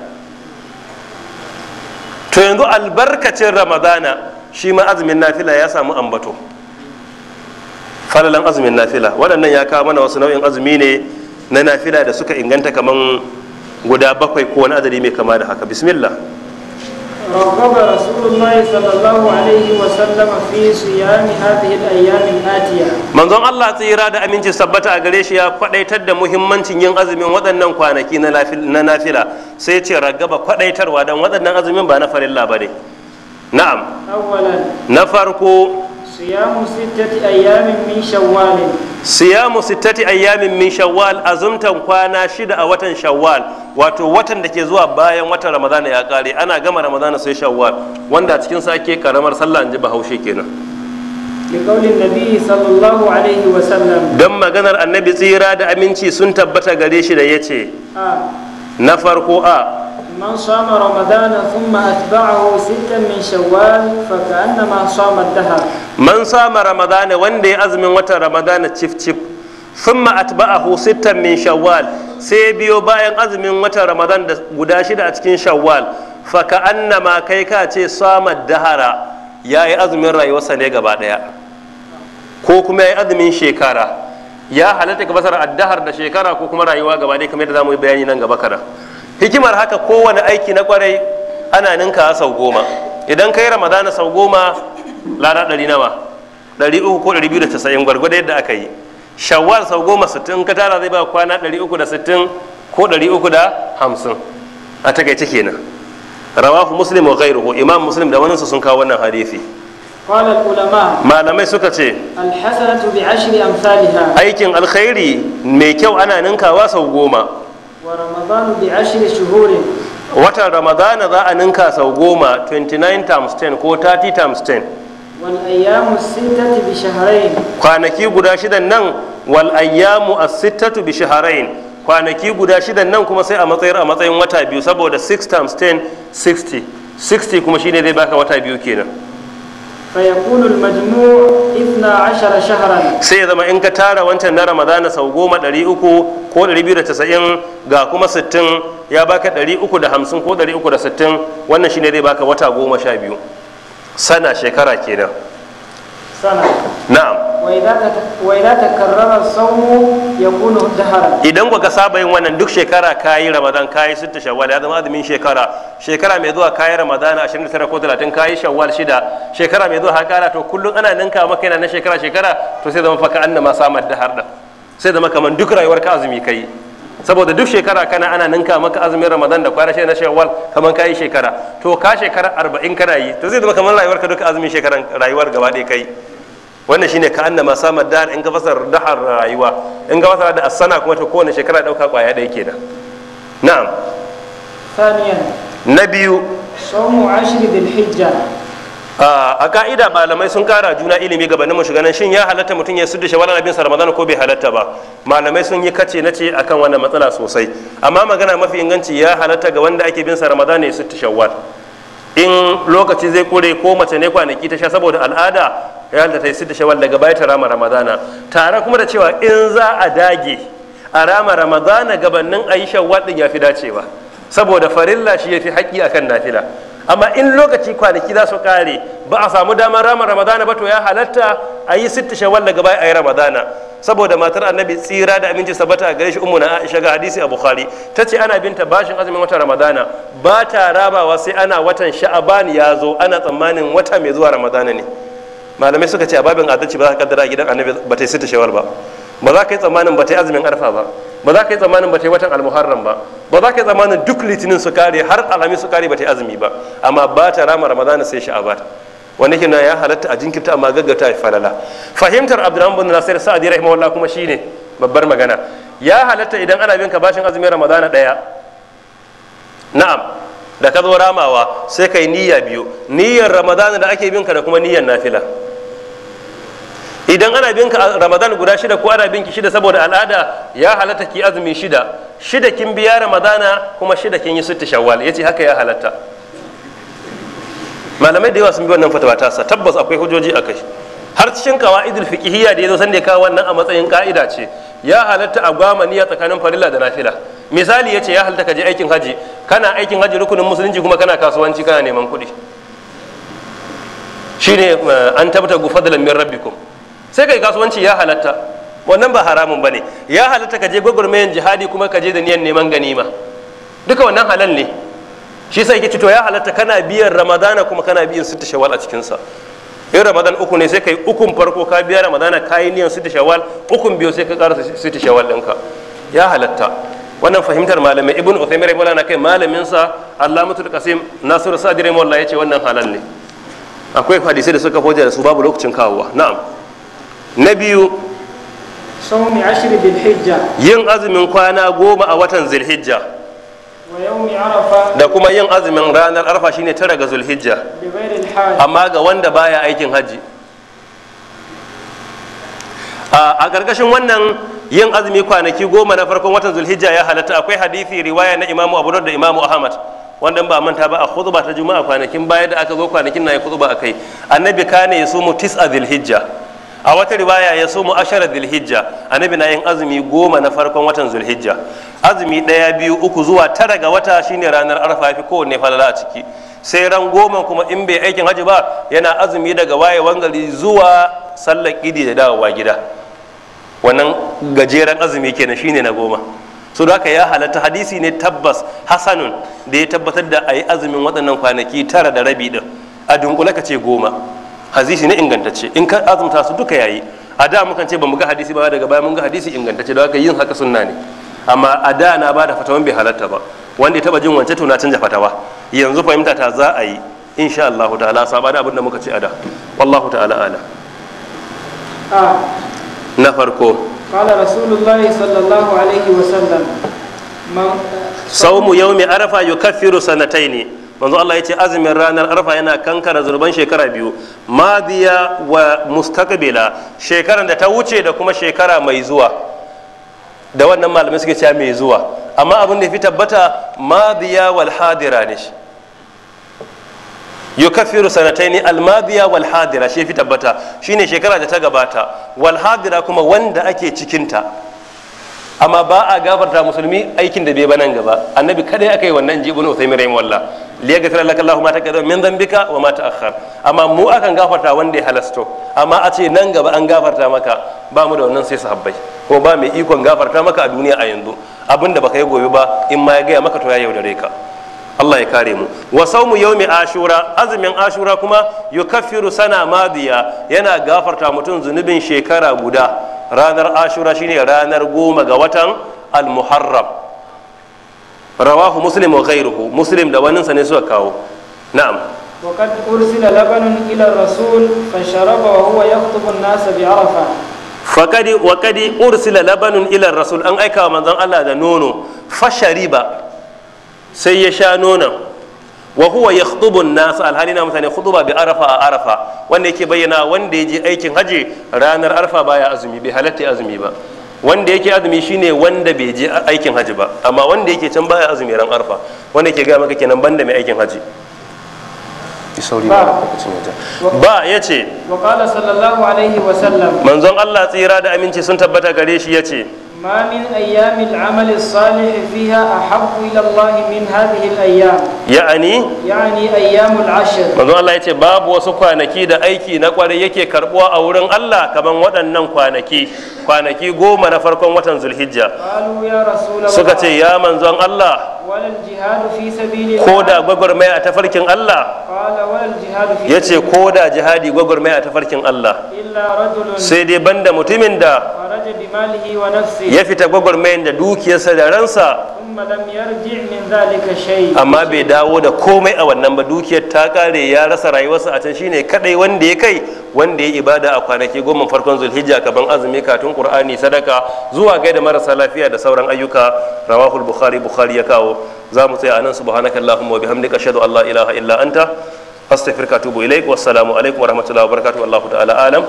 to yanzu albarkacin ramadana shi ma azumin nafila ya samu ambato falalan azumin nafila waɗannan ya kawo mana wasu nau'in azumi ne na nafila da suka inganta kaman guda bakwai ko wani adadi mai kama da haka bismillah رغب رسول الله صلى الله عليه وسلم في صيام هذه الايام الاتيه منظon Allah tsira da aminci sabbata a gare shi ya kwadaitar da muhimmancin yin azumin waɗannan kwanaki na nafila sai ce ragaba kwadaitarwa dan waɗannan azumin ba na farilla bane na'am awwalan na farko siyamu sittati ayyamin min shawwal a zumtan kwana shida a watan shawwal wato watan da ke zuwa bayan watan ramadana ya kare ana gama ramadana sai shawwal wanda cikin sa ake karamar sallah anji bahaushe kenan don maganar annabi tsira da aminci sun tabbata gare shi da ya ce na farko a من صام رمضان ثم أتبعه ستا من شوال فكأنما صام الدهر من صام رمضان وندي أزم وتا رمضان تشيف تشيف ثم أتبعه ستا من شوال sai biyo bayan azumin watan ramadan da guda shida a cikin shawwal fa ka annama kai ka ce samar dahara ya yi azumin rayuwarsa ne gaba daya ko kuma ya yi azumin shekara ya halatta ka a dahar da shekara ko kuma rayuwa gaba daya kamar yadda za mu yi bayani nan gaba kada hikimar haka kowane aiki na kwarai ana ninka sau goma idan kai ramadana sau goma lada ɗari nawa ɗari uku ko ɗari biyu da tasa'in gwargwado yadda aka yi shawwal sau goma sittin ka tara zai ba kwana ɗari uku da sittin ko ɗari uku da hamsin a takaice kenan rawahu muslim wa ghairuhu imam muslim da waninsu sun kawo wannan hadisi malamai suka ce aikin alkhairi mai kyau ana ninkawa sau goma watan ramadana za a ninka sau goma 29 times 10 ko 30 times 10 wal ayyamu sittatu bi shahrayn kwanaki guda shidan nan wal ayyamu as-sittatu bi shahrayn kwanaki guda shidan nan kuma sai a matsayar a matsayin wata biyu saboda 6 times 10 60 60 kuma shine zai baka wata biyu kenan sai ya zama in ka tara wancan na ramadana sau goma ɗari uku ko ɗari biyu da tasa'in ga kuma sittin ya baka ɗari uku da hamsin ko ɗari uku da sittin wannan shi ne zai baka wata goma sha biyu sana shekara kenan sana na'am wa idan ka saba yin wannan duk shekara ka yi ramadan ka yi sitta shawwal ya zama azumin shekara shekara mai zuwa ka yi ramadan 29 ko 30 yi shawwal shida shekara mai zuwa hakara to kullum ana ninka maka yana na shekara shekara to sai zama faka annama samar da harda sai zama kamar duk rayuwar ka azumi kai saboda duk shekara kana ana ninka maka azumin ramadan da kwana shi na shawwal kaman yi shekara to ka shekara 40 kana yi to zai zama kamar rayuwar ka duka azumin shekaran rayuwar gaba ɗaya kai wannan shine ka annama samar da in ga fasar dahar rayuwa in ga fasar da asana kuma ta kowane shekara dauka kwaya yake da na'am thaniyan na biyu sawmu ashri bil hijja a ka'ida malamai sun kara juna ilimi gabanin mu shugaban shin ya halatta mutum ya sudda shawalan abin sa ramadan ko bai halatta ba malamai sun yi kace na ce akan wannan matsala sosai amma magana mafi inganci ya halatta ga wanda ake bin sa ramadan ya sudda shawwal in lokaci zai kure ko mace ne kwanaki ta sha saboda al'ada ya da ta yi sidda shawar daga baya ta rama ramadana tare kuma da cewa in za a dage a rama ramadana gabanin ayi yi shawar ya fi dacewa saboda farilla shi ya fi haƙƙi akan nafila amma in lokaci kwanaki za su kare ba a samu damar ramar ramadana ba to ya halatta a yi sitta shawar daga baya a yi ramadana saboda matar annabi tsira da aminci sabata a gare shi ummu na aisha ga hadisi a bukhari ta ce ana binta bashin azumin watan ramadana ba ta rabawa sai ana watan sha'aban ya zo ana tsammanin wata mai zuwa ramadana ne malamai suka ce a babin adalci ba za ka kaddara gidan annabi ba ta yi sitta shawar ba ba za ka yi tsammanin ba ta yi azumin arfa ba ba za ka yi tsammanin ba ta yi watan almuharram ba ba za ka yi tsammanin duk litinin su kare har alhamis su kare ba ta yi azumi ba amma ba ta rama ramadana sai sha'aban wanda hina ya halatta a jinkirta amma gaggauta ya falala fahimtar abdurrahman bin nasir sa'adi rahimahullah kuma ne babbar magana ya halatta idan ana bin ka bashin azumin ramadana daya na'am da ka zo ramawa sai kai niyya biyu niyyar ramadana da ake bin ka da kuma niyyar nafila idan ana bin ka ramadan guda shida ko ana bin ki shida saboda al'ada ya halatta ki azumi shida shida kin biya ramadana kuma shida kin yi sitti shawwal yace haka ya halatta malamai da yawa sun bi wannan fatawa ta sa tabbas akwai hujjoji akai har cikin qawaidul fiqhiyya da yazo san da wannan a matsayin ka'ida ce ya halatta a gwama niyya tsakanin farilla da nafila misali yace ya halatta ka je aikin haji kana aikin haji rukunin musulunci kuma kana kasuwanci kana neman kuɗi shine eh, an tabbata gufadalan min rabbikum sai kai kasuwanci ya halatta wannan ba haramun ba ne ya halatta ka je gwagwarmayan jihadi kuma ka je da niyan neman ganima duka wannan halal ne shi sai yake cito ya halatta kana biyan ramadana kuma kana biyan sitta shawal a cikinsa. sa in ramadan uku ne sai kai ukun farko ka biya ramadana ka yi niyan sitta shawal ukun biyo sai ka karasa sitta shawal ɗinka ya halatta wannan fahimtar malamai ibn uthaymin rahimahullah na kai malamin sa allamatul qasim nasiru sa'di rahimahullah yace wannan halal ne akwai hadisi da suka foje da su babu lokacin kawowa na'am na biyu yin azumin kwana goma a watan Zulhijja. da kuma yin azumin ranar arfa shine tara ga zulhijja amma ga wanda baya aikin hajji a ƙarƙashin wannan yin azumi kwanaki goma na farkon watan zulhijja ya halatta akwai hadisi riwaya na imamu abu da imamu ahmad wanda ba manta ba a khutba ta juma'a kwanakin baya da aka zo kwanakin na yi khutba akai annabi kana yasumu tis'a zulhijja a wata riwaya ya so mu ashara dhilhijja annabi na yin azumi goma na farkon watan zulhijja azumi ɗaya biyu uku zuwa tara ga wata shine ranar arfa yafi kowanne falala a ciki sai ran goma kuma in bai aikin hajji ba yana azumi daga waye gari zuwa sallar idi da dawowa gida wannan gajeren azumi kenan shine na goma so da ya halatta hadisi ne tabbas hasanun da ya tabbatar da a yi azumin waɗannan kwanaki tara da rabi din a dunkule ka ce goma hadisi ne ingantacce in ka azumta su duka yayi a da mukan ce bamu ga hadisi ba daga baya mun ga hadisi ingantacce don haka yin haka sunna ne amma a da na ba da fatawan bai halatta ba wanda ya taba jin wance to na canja fatawa yanzu fahimta ta za a yi insha Allah ta'ala saba da abin da muka ce a da wallahu ta'ala ala ah. na farko qala rasulullahi sallallahu alaihi wa sallam saumu yawmi arafa yukaffiru sanataini manzo Allah ya ce azumin ranar arfa yana kankara zurban shekara biyu madiya wa mustaqbila shekaran da ta wuce da kuma shekara mai zuwa da wannan malamai suke cewa mai zuwa amma abin da fi tabbata madiya wal hadira ne shi yukaffiru sanataini madiya wal hadira shi fi tabbata shine shekara da ta gabata wal hadira kuma wanda ake cikin ta amma ba a gafarta musulmi aikin da bai nan gaba annabi kada aka yi wannan jibin usaimin wallah liyaghfir laka Allahu ma min dhanbika wa ma ta'akhkhar amma mu akan gafarta wanda ya halasto amma a ce nan gaba an gafarta maka ba mu da wannan sai sahabbai ko ba mai ikon gafarta maka a duniya a yanzu abinda baka yi gobe ba in ma ya gaya maka to ya yaudare ka Allah ya kare mu wa saumu yawmi ashura azumin ashura kuma yukaffiru sana madiya yana gafarta mutum zunubin shekara guda ranar ashura shine ranar goma ga watan al-muharram rawahu muslim wa ghayruhu muslim da wannan sa ne suka kawo na'am wa qad ursila labanun ila rasul fasharaba wa huwa yakhutubu an bi arafa faqad wa qad labanun ila rasul an aika wa manzon Allah da nono fashariba sai ya sha nonon wa huwa yakhutubu nas alhali na mutane huɗuba bi arafa a arafa wanda yake bayyana wanda ya je aikin haji ranar arafa baya azumi bai halatta azumi ba wanda yake azumi shine wanda bai je aikin haji ba amma wanda yake can baya azumi ran arfa wanda yake ga maka kenan banda mai aikin haji ba ya ce manzon allah tsira da aminci sun tabbata gare shi ya ce ما من أيام العمل الصالح فيها أحب إلى الله من هذه الأيام يعني يعني أيام العشر Allah yace babu wasu kwanaki da aiki na kwarai yake karbuwa a wurin Allah kaman waɗannan kwanaki goma na farkon watan Zulhijja suka ce ya manzon Allah ko da gwagwarmaya a tafarkin Allah ya ce ko da jihadi gwagwarmaya a tafarkin Allah sai dai banda mutumin da ya fita gwagwarmayin da dukiyarsa da ransa amma bai dawo da komai a wannan ba dukiyar ta kare ya rasa rayuwarsa a can shine kadai wanda ya kai wanda ya ibada a kwanaki goma farkon zulhijja kaban azumi katun qur'ani sadaka zuwa gaida marasa lafiya da sauran ayyuka rawahul bukhari bukhari ya kawo za mu tsaya anan subhanaka allahumma wa bihamdika ashhadu an la ilaha illa anta astaghfiruka wa atubu ilaik wassalamu alaikum wa rahmatullahi wa barakatuh wallahu ta'ala alam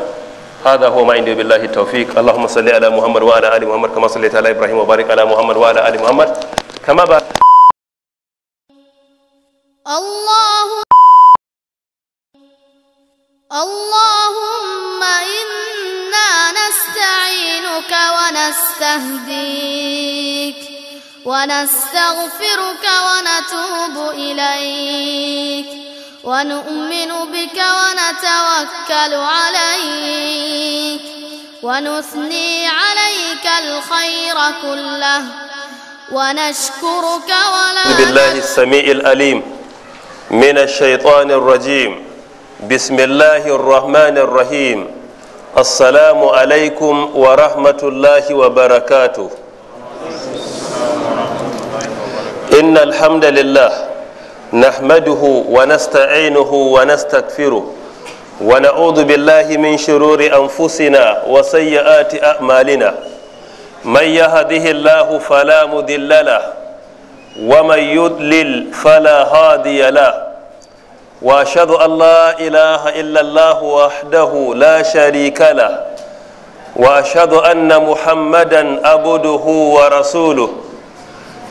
هذا هو ما عندي بالله التوفيق اللهم صل على محمد وعلى ال محمد كما صليت على ابراهيم وبارك على محمد وعلى ال محمد كما بارك الله اللهم انا نستعينك ونستهديك ونستغفرك ونتوب اليك ونؤمن بك ونتوكل عليك ونثني عليك الخير كله ونشكرك ولا بالله السميع الأليم من الشيطان الرجيم بسم الله الرحمن الرحيم السلام عليكم ورحمة الله وبركاته إن الحمد لله نحمده ونستعينه ونستغفره ونعوذ بالله من شرور أنفسنا وسيئات أعمالنا من يهده الله فلا مضل له ومن يضلل فلا هادي له واشهد ان لا اله الا الله وحده لا شريك له واشهد ان محمدا عبده ورسوله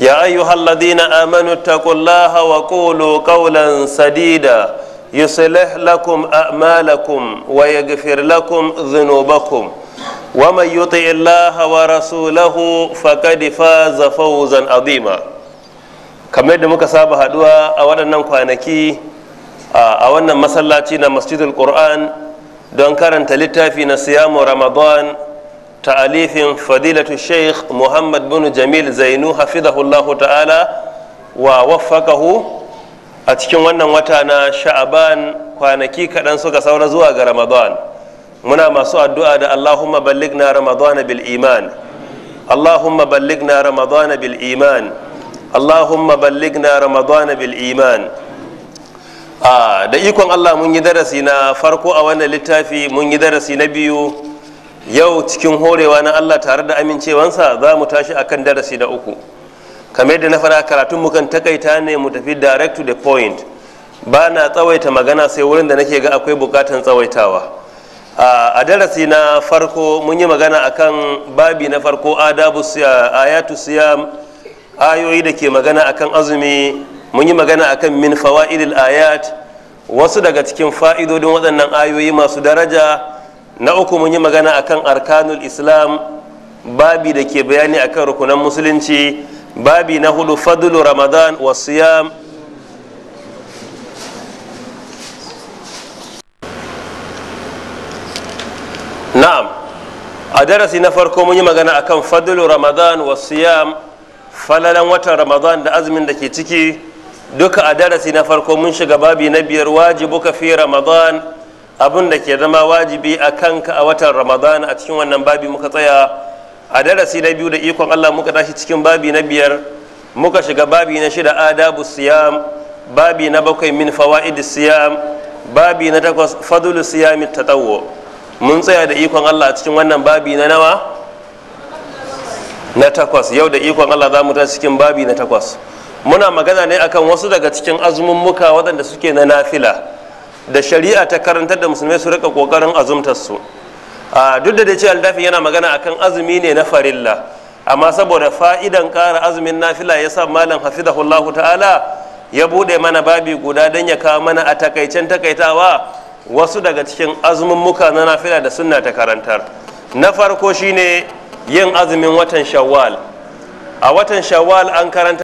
يا أيها الذين آمنوا اتقوا الله وقولوا قولا سديدا يصلح لكم أعمالكم ويغفر لكم ذنوبكم ومن يطع الله kamar yadda muka saba haɗuwa a waɗannan kwanaki a wannan masallaci na masjidul qur'an don karanta littafi na siyamu ramadan ta'alifin fadilatu sheikh muhammad bin jamil zainu hafizahullahu ta'ala wa waffaqahu a cikin wannan wata na sha'aban kwanaki kaɗan suka saura zuwa ga ramadan muna masu addu'a da allahumma balligna ramadana bil iman allahumma balligna ramadana bil iman allahumma balligna bil iman ah, da ikon allah mun yi darasi na farko a wannan littafi mun yi darasi na biyu yau cikin horewa na Allah tare da amincewansa za mu tashi akan darasi na uku kamar yadda na fara karatun mukan takaita ne mu tafi direct to the point ba na tsawaita magana sai wurin da nake ga akwai bukatan tsawaitawa a darasi na farko mun yi magana akan babi na farko adabu ayatu siyam ayoyi da ke magana akan azumi mun yi magana akan min fawaidil ayat wasu daga cikin fa'idodin waɗannan ayoyi masu daraja na uku mun yi magana akan arkanul islam babi da ke bayani akan rukunan musulunci babi na hudu fadlu ramadan wa siyam na'am a darasi na farko mun yi magana akan fadlu ramadan wa siyam falalan watan ramadan da azumin da ke ciki duka a darasi na farko mun shiga babi na biyar wajibu ka fi ramadan abin da ke zama wajibi a kanka a watan ramadan a cikin wannan babi muka tsaya a darasi na biyu da ikon allah muka tashi cikin babi na biyar muka shiga babi na shida adabu siyam babi na bakwai min fawaid siyam babi na takwas fadlu siyam tatawwu mun tsaya da ikon allah a cikin wannan babi na nawa na takwas yau da ikon allah za mu tashi cikin babi na takwas muna magana ne akan wasu daga cikin azumin muka waɗanda suke na nafila da shari'a ta karantar da musulmai su rika kokarin azumtar su duk da dace cewa yana magana akan azumi ne na farilla amma saboda fa'idan kara azumin nafila ya sa malam hafizahullahu ta'ala ya bude mana babi guda don ya kawo mana a takaicen takaitawa wasu daga cikin azumin muka na nafila da sunna ta karantar na farko shine yin azumin watan shawwal a watan shawwal an karanta